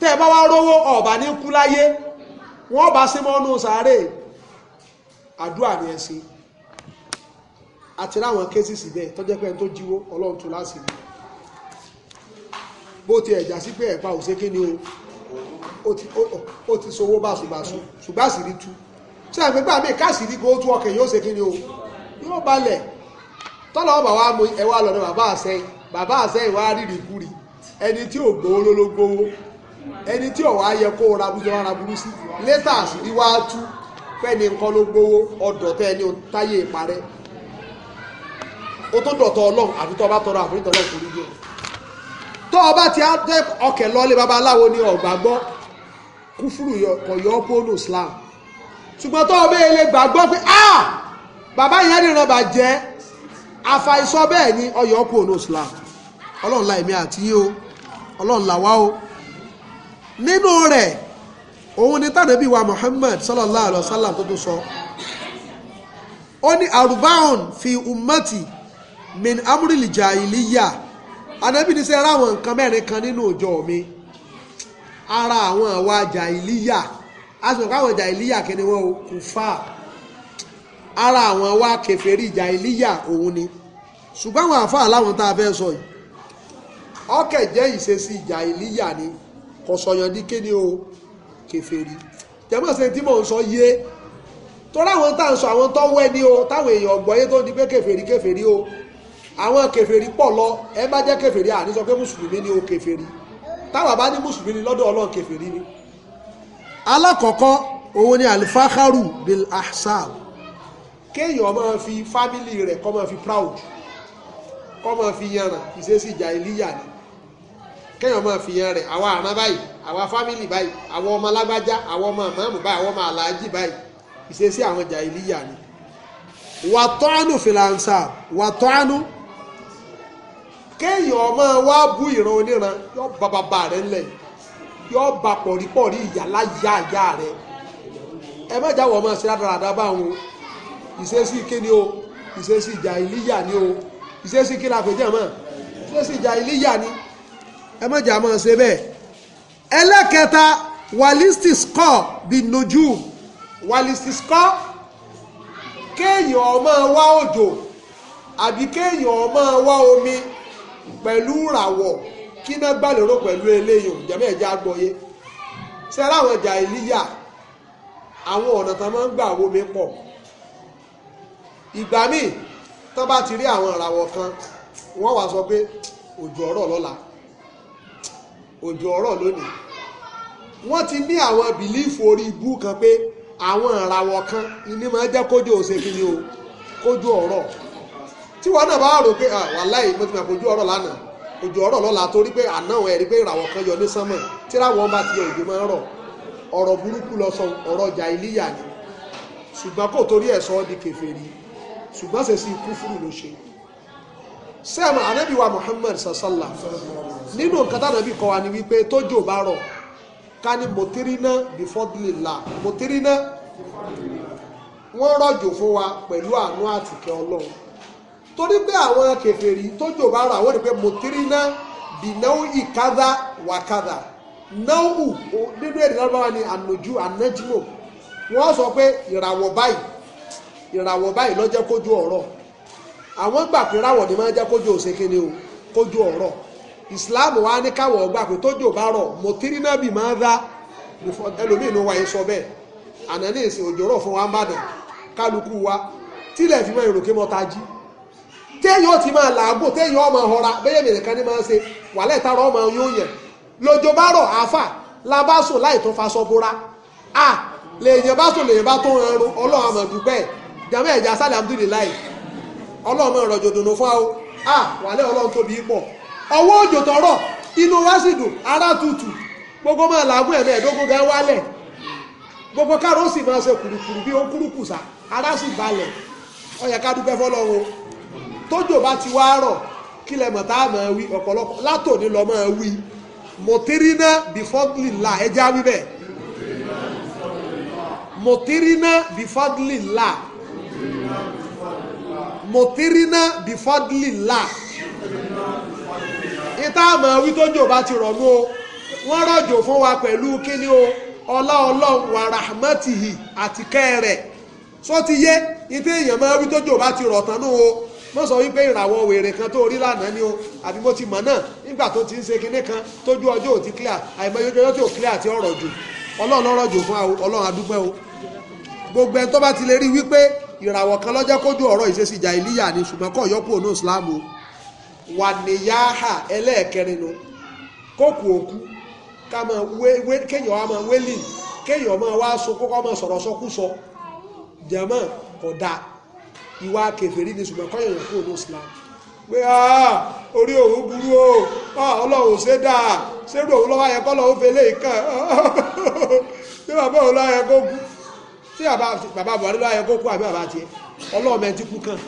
tẹ́ ẹ bá wá rówó ọ̀bà ní kú láyé wọ́n bá sí mọ́nú sàárè àdúrà ni ẹ ṣe àti láwọn kéésì síbẹ̀ tó jẹ́ pé ẹni tó jíwó ọlọ́run tó láti rí bó ti ẹ̀já sí pé ẹ̀pá òṣèké ni ó ti sowó báṣubàṣu ṣùgbọ́n àṣírí tú ṣé àgbégbà mi káṣírí kó tú ọkẹ̀ yóò ṣe kí ni o yóò balẹ̀ tọ́lọ́ ọba wa mú ẹwà lọ́dọ̀ bàbá àṣẹ bàbá àṣẹ ìwà rírì kúrì ẹni tí ò gbowó ló ló gbowó ẹni tí ọ̀wá ayẹ kó o rabu jọ ara burú sí létà àṣírí wá tú pẹ́ni nǹkan ló gbowó ọ̀dọ̀ tẹ́ ẹni táyé ìparẹ́ o tó dọ̀tọ̀ ọlọ́run àti tó ọba tọrọ àforíjọ́ náà kò rí jẹ́ tó ọba ti á tẹ́ ọkẹ̀ lọ́lé babaláwo ni ọ̀gbàgbọ́ kúfúrú ọ̀yọ́ polo islam ṣùgbọ́n tó ọba ilé gbàgbọ́ pé a bàbá yẹn ríran bàjẹ́ àfàìsọ bẹ́ẹ̀ ni ọ̀yọ́ polo islam ọlọ́run la èmi àti yín o ọlọ́run làwa o nínú rẹ̀ òun ni tànàbí wa Muhammad sallallahu alayhi wa sallam tó tó sọ ó ní arubáhùn fi ummati min amúrìlì jàìlíyà anabi ní sẹ́ ráwọn nǹkan mẹ́rin kan nínú òjò mi ara àwọn àwa jàìlíyà a sì mọ̀ pé àwọn jàìlíyà kìíní wọn ò kù fà ara àwọn àwa kèfèrí jàìlíyà òun ni ṣùgbọ́n àwọn àfáà láwọn tá a fẹ́ sọ yìí ọkẹ̀ jẹ́ ìṣesí jàìlíyà ni kò sọ̀yàn di kéde o kèfèrí jẹ́mọ̀ ṣe tí mò ń sọ yé torí àwọn tá à ń sọ àwọn tó wẹ́ ni o táwọn èèyàn gbọ́yé tó di pé kèfèrí kèfèrí o àwọn kèfèrí pọ̀ lọ ẹ bá jẹ́ kèfèrí àní sọ pé mùsùlùmí ni o kèfèrí táwa bá ní mùsùlùmí ni lọ́dọ̀ ọlọ́run kèfèrí ni. alákọ̀ọ́kọ́ òun ni alifakaru bil ahsab kéèyàn máa fi fámìlì rẹ̀ kó máa fi proud kó máa fi yànnà ìṣesí ìjà ìlíyà ni kéèyàn máa fi yan rẹ̀ àwa àrán báyìí àwa fámìlì báyìí àwa ọmọ alágbájá àwa ọmọ àmọ́mù báyìí àwa ọmọ àlàájì báyìí ìṣesí àwọn jàhílíyà ni. wàtọ́ánù filansa wàtọ́ánù kéèyàn máa wá bú ìran oníran yóò bá bàbá rẹ̀ ńlẹ̀ yóò bá pọ̀rípọ̀rí ìyálà yá àyá rẹ̀ ẹ má jáwọ́ máa ṣe rádaràdá báwọn ìṣesí kíni o ìṣesí jàhílíyà ni o ìṣesí kí la pè jẹ́ mọ́ ìṣesí jàhílíyà ni ẹ má jà máa ṣe bẹ́ẹ̀ ẹlẹ́kẹta wàlísítìsíkọ bí nojú wàlísítìsíkọ kéèyàn máa wá òjò àbí kéèyàn máa wá omi pẹ̀lú ràwọ̀ kí náà gbà lérò pẹ̀lú eléyìí jẹ́mẹ́ ẹ̀já gbọ́yé ṣe láwọn ìjà ìlíyà àwọn ọ̀nà tán máa ń gbà wo mi pọ̀ ìgbà míì tán bá ti rí àwọn ìràwọ̀ kan wọ́n wá sọ pé òjò ọ̀rọ̀ lọ́la òjò ọ̀rọ̀ lónìí wọ́n ti ní àwọn bìlífù orí ibú kan pé àwọn ìràwọ̀ kan ni máa jẹ́ kójú òsè kí ni o kójú ọ̀rọ̀ tí wọ́n náà bá rò pé ah, wàláì mo ti mọ̀ kójú ọ̀rọ̀ lánàá òjò ọ̀rọ̀ lọ́la torí pé àná ẹ̀ rí pé ìràwọ̀ kan yọ ní sánmọ̀ tí ráwọ̀ bá ti yọ òjò máa ń rọ̀ ọ̀rọ̀ burúkú lọ sọ ọ̀rọ̀ ọjà iléyà ni ṣùgbọ́n kò torí ẹ̀ sọ ọ́ di kèfèrí ṣùgbọ́n ṣe kúfúrú ló ṣe sẹ́mu anabi wa muhammad sasala nínú nǹkan tá anabi kọ́ wa ni wípé tójò bá rọ̀ ká ní mọ̀tírínà bífọ́dìlélà mọ̀tírínà wọ́n rọ̀jò fún wa pẹ̀lú àánú àtìkẹ́ ọlọ́run torí pé àwọn kèfèrí tójò bá rọ̀ àwọn rí pé mọ̀tírínà bìnáwó ìkádà wàkádà náwó nínú èdè lọ́wọ́ ni ànàjú ànájúmọ̀ wọ́n sọ pé ìràwọ̀ báyìí ìràwọ̀ báyìí ló kójú ọ̀rọ̀ àwọn gbà pé ráwọ̀ ni máa ń jẹ́ kójú òsè kíni o kójú ọ̀rọ̀ ìsìláàmù wa ní káwọ̀ ọgbà pé tójú bá rọ̀ mọ̀tírí náà bì máa ń dá ẹlòmíì ló wáyé sọ bẹ́ẹ̀ àná ní ìsìn òjò fún wa ń bàdàn kálukú wa tílẹ̀ fi máa ìròkè mọ́ta jí téèyàn ti máa làágùn téèyàn ọmọ ọ̀họ́ra bẹ́yẹ̀ mìíràn kan ní máa ń ṣe wàlẹ́ ìtarọ̀ ọmọ yóò yẹn lójó bá rọ̀ àáfà labásùn láì tó faṣọ bóra à lèèyàn bá sùn lèèyàn bá tó ń rọrùn ọlọ́run àmọ̀dúpẹ́ jàmẹ́ ẹ̀já sálẹ̀ àmdùlẹ̀ ọlọ́run máa rọ̀jò dùnú fún àwọn à wàlẹ́ ọlọ́run tóbi pọ̀ ọwọ́ òjò tọrọ inú wa sì dùn ara tutù gbogbo máa làágùn ẹ̀mẹ́ ẹ̀dógún gan wálẹ̀ gbogbo káàró sì máa ṣe kùrùkùrù bí ó kúrùkùsà ara sì balẹ̀ ó yẹ ká dúpẹ́ fọlọ́run tójò bá ti wá rọ̀ kílẹ̀ mọ̀ tá a máa wí ọ̀pọ̀lọpọ̀ látòní lọ máa wí mọ̀tírínà bífọ́dìlá ẹja wíbẹ̀ mọ̀tírínà bífọ́dìlá mọ̀tírínà bífọ́dìlì là ìta àmọ́ wí bá ti rọ̀nú o wọ́n rọ̀jò fún wa pẹ̀lú kíní o ọlá ọlọ́run wa rahmatihi àti kẹ́rẹ̀ sọ ti yé ìta èèyàn máa wí ti rọ̀tán nù o mo sọ wípé ìràwọ̀ kan tó rí ni o àbí mo ti mọ̀ ti ń ṣe kan tójú ọjọ́ ò ti clear ọjọ́ tí ò clear ọ̀rọ̀ fún ọlọ́run gbogbo ẹni tó bá ti lè rí wípé ìràwọ̀ kan lọ́jọ́ kójú ọ̀rọ̀ ìṣesí ìjà ìlíyà ni ṣùgbọ́n kọ́ yọpọ̀ ní islam o wà ní yáhà ẹlẹ́ẹ̀kẹrin nu kókù òkú ká máa wé kéèyàn wá máa wélì kéèyàn máa wá so kókó máa sọ̀rọ̀ sọkúsọ jẹ̀mọ́ kódà ìwà kèfèrí ni ṣùgbọ́n kọ́yàn yọpọ̀ ní islam pé orí òun burú o ọlọ́run ṣe dáa ṣé òun lọ́wọ́ ayẹkọ́ lọ́wọ́ fẹ́lẹ́ ìkàn ṣé tí bàbá buhari ló ayọ kó kú àbí bàbá tiẹ̀ ọlọ́ọ̀mẹ ti kú kàn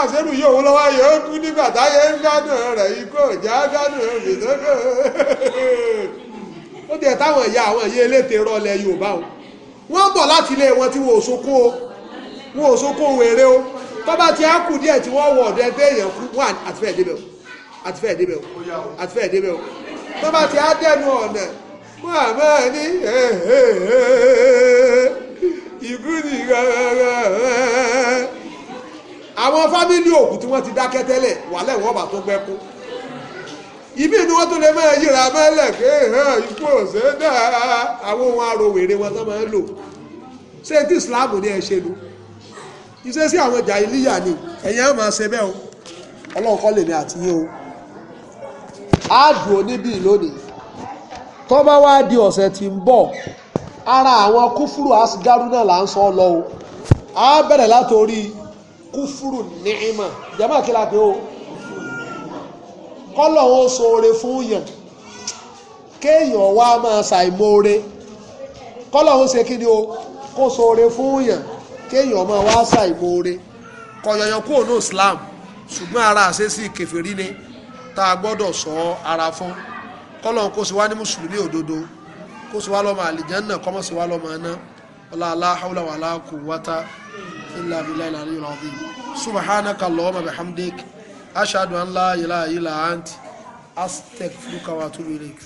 àṣẹ́rù yóò wọ́n lọ́wọ́ yóò kú nígbà táyé ń gbádùn rẹ̀ ikú ọ̀já gbádùn rẹ̀ lọ́gọ́ ó tiẹ̀ táwọn ìyá àwọn ìyá eléte rọlẹ̀ yorùbá o wọ́n bọ̀ láti ilé wọn tí wọn ò sókó o wọn ò sókó wèrè o tọ́ba ti á kù díẹ̀ tí wọ́n wọ̀ ọ̀dọ̀ ẹgbẹ́ èèyàn fún wọn àti fẹ́ẹ̀ o àti fẹ́ẹ̀ o tọ́ba ti á dẹnu ọ̀nà màmá ní ikú ní àwọn fámìlì òkú tí wọ́n ti dákẹ́ tẹ́lẹ̀ wà lẹ́wọ̀n ọba tó gbẹ́kú ibi ni wọ́n tó lè máa yíra mẹ́lẹ̀ pé ikú ọ̀sẹ̀ dáa àwọn ohun aròwèrè wọn tó máa ń lò ṣé tí Islam ní ẹ ṣe lu iṣẹ́ sí àwọn ìjà ìlíyà ni ẹ̀yin á máa ṣe bẹ́ẹ̀ o ọlọ́run kọ́ lèmi àti yín o á dùn ó níbí lónìí tọba bá di ọ̀sẹ̀ ti ń ara àwọn kúfúrú asigaru náà là ń sọ lọ o a bẹ̀rẹ̀ látòrí kúfúrú nìímà jẹ́mọ́ àkílà pé o kọlọ ó ṣoore fún yàn kéèyàn wá máa ṣàìmoore kọ́lọ̀ ó ṣe kí o kó ṣoore fún yàn kéèyàn máa wá ṣàìmoore kọ̀yọ̀yàn kúrò ní Islam ṣùgbọ́n ara àṣesí kẹfìrí ni tá a gbọdọ sọ ara fún. kọ́lọ́n kó sì wá ní mùsùlùmí òdodo kó sì wá lọ́mọ àlìjánná kọ́mọ́ sì wá lọ́mọ aná ọlá hawla wala quwwata illa billahi al-aliyyil azim subhanaka allahumma bihamdik ashhadu an la ilaha illa ant astaghfiruka wa atubu ilayk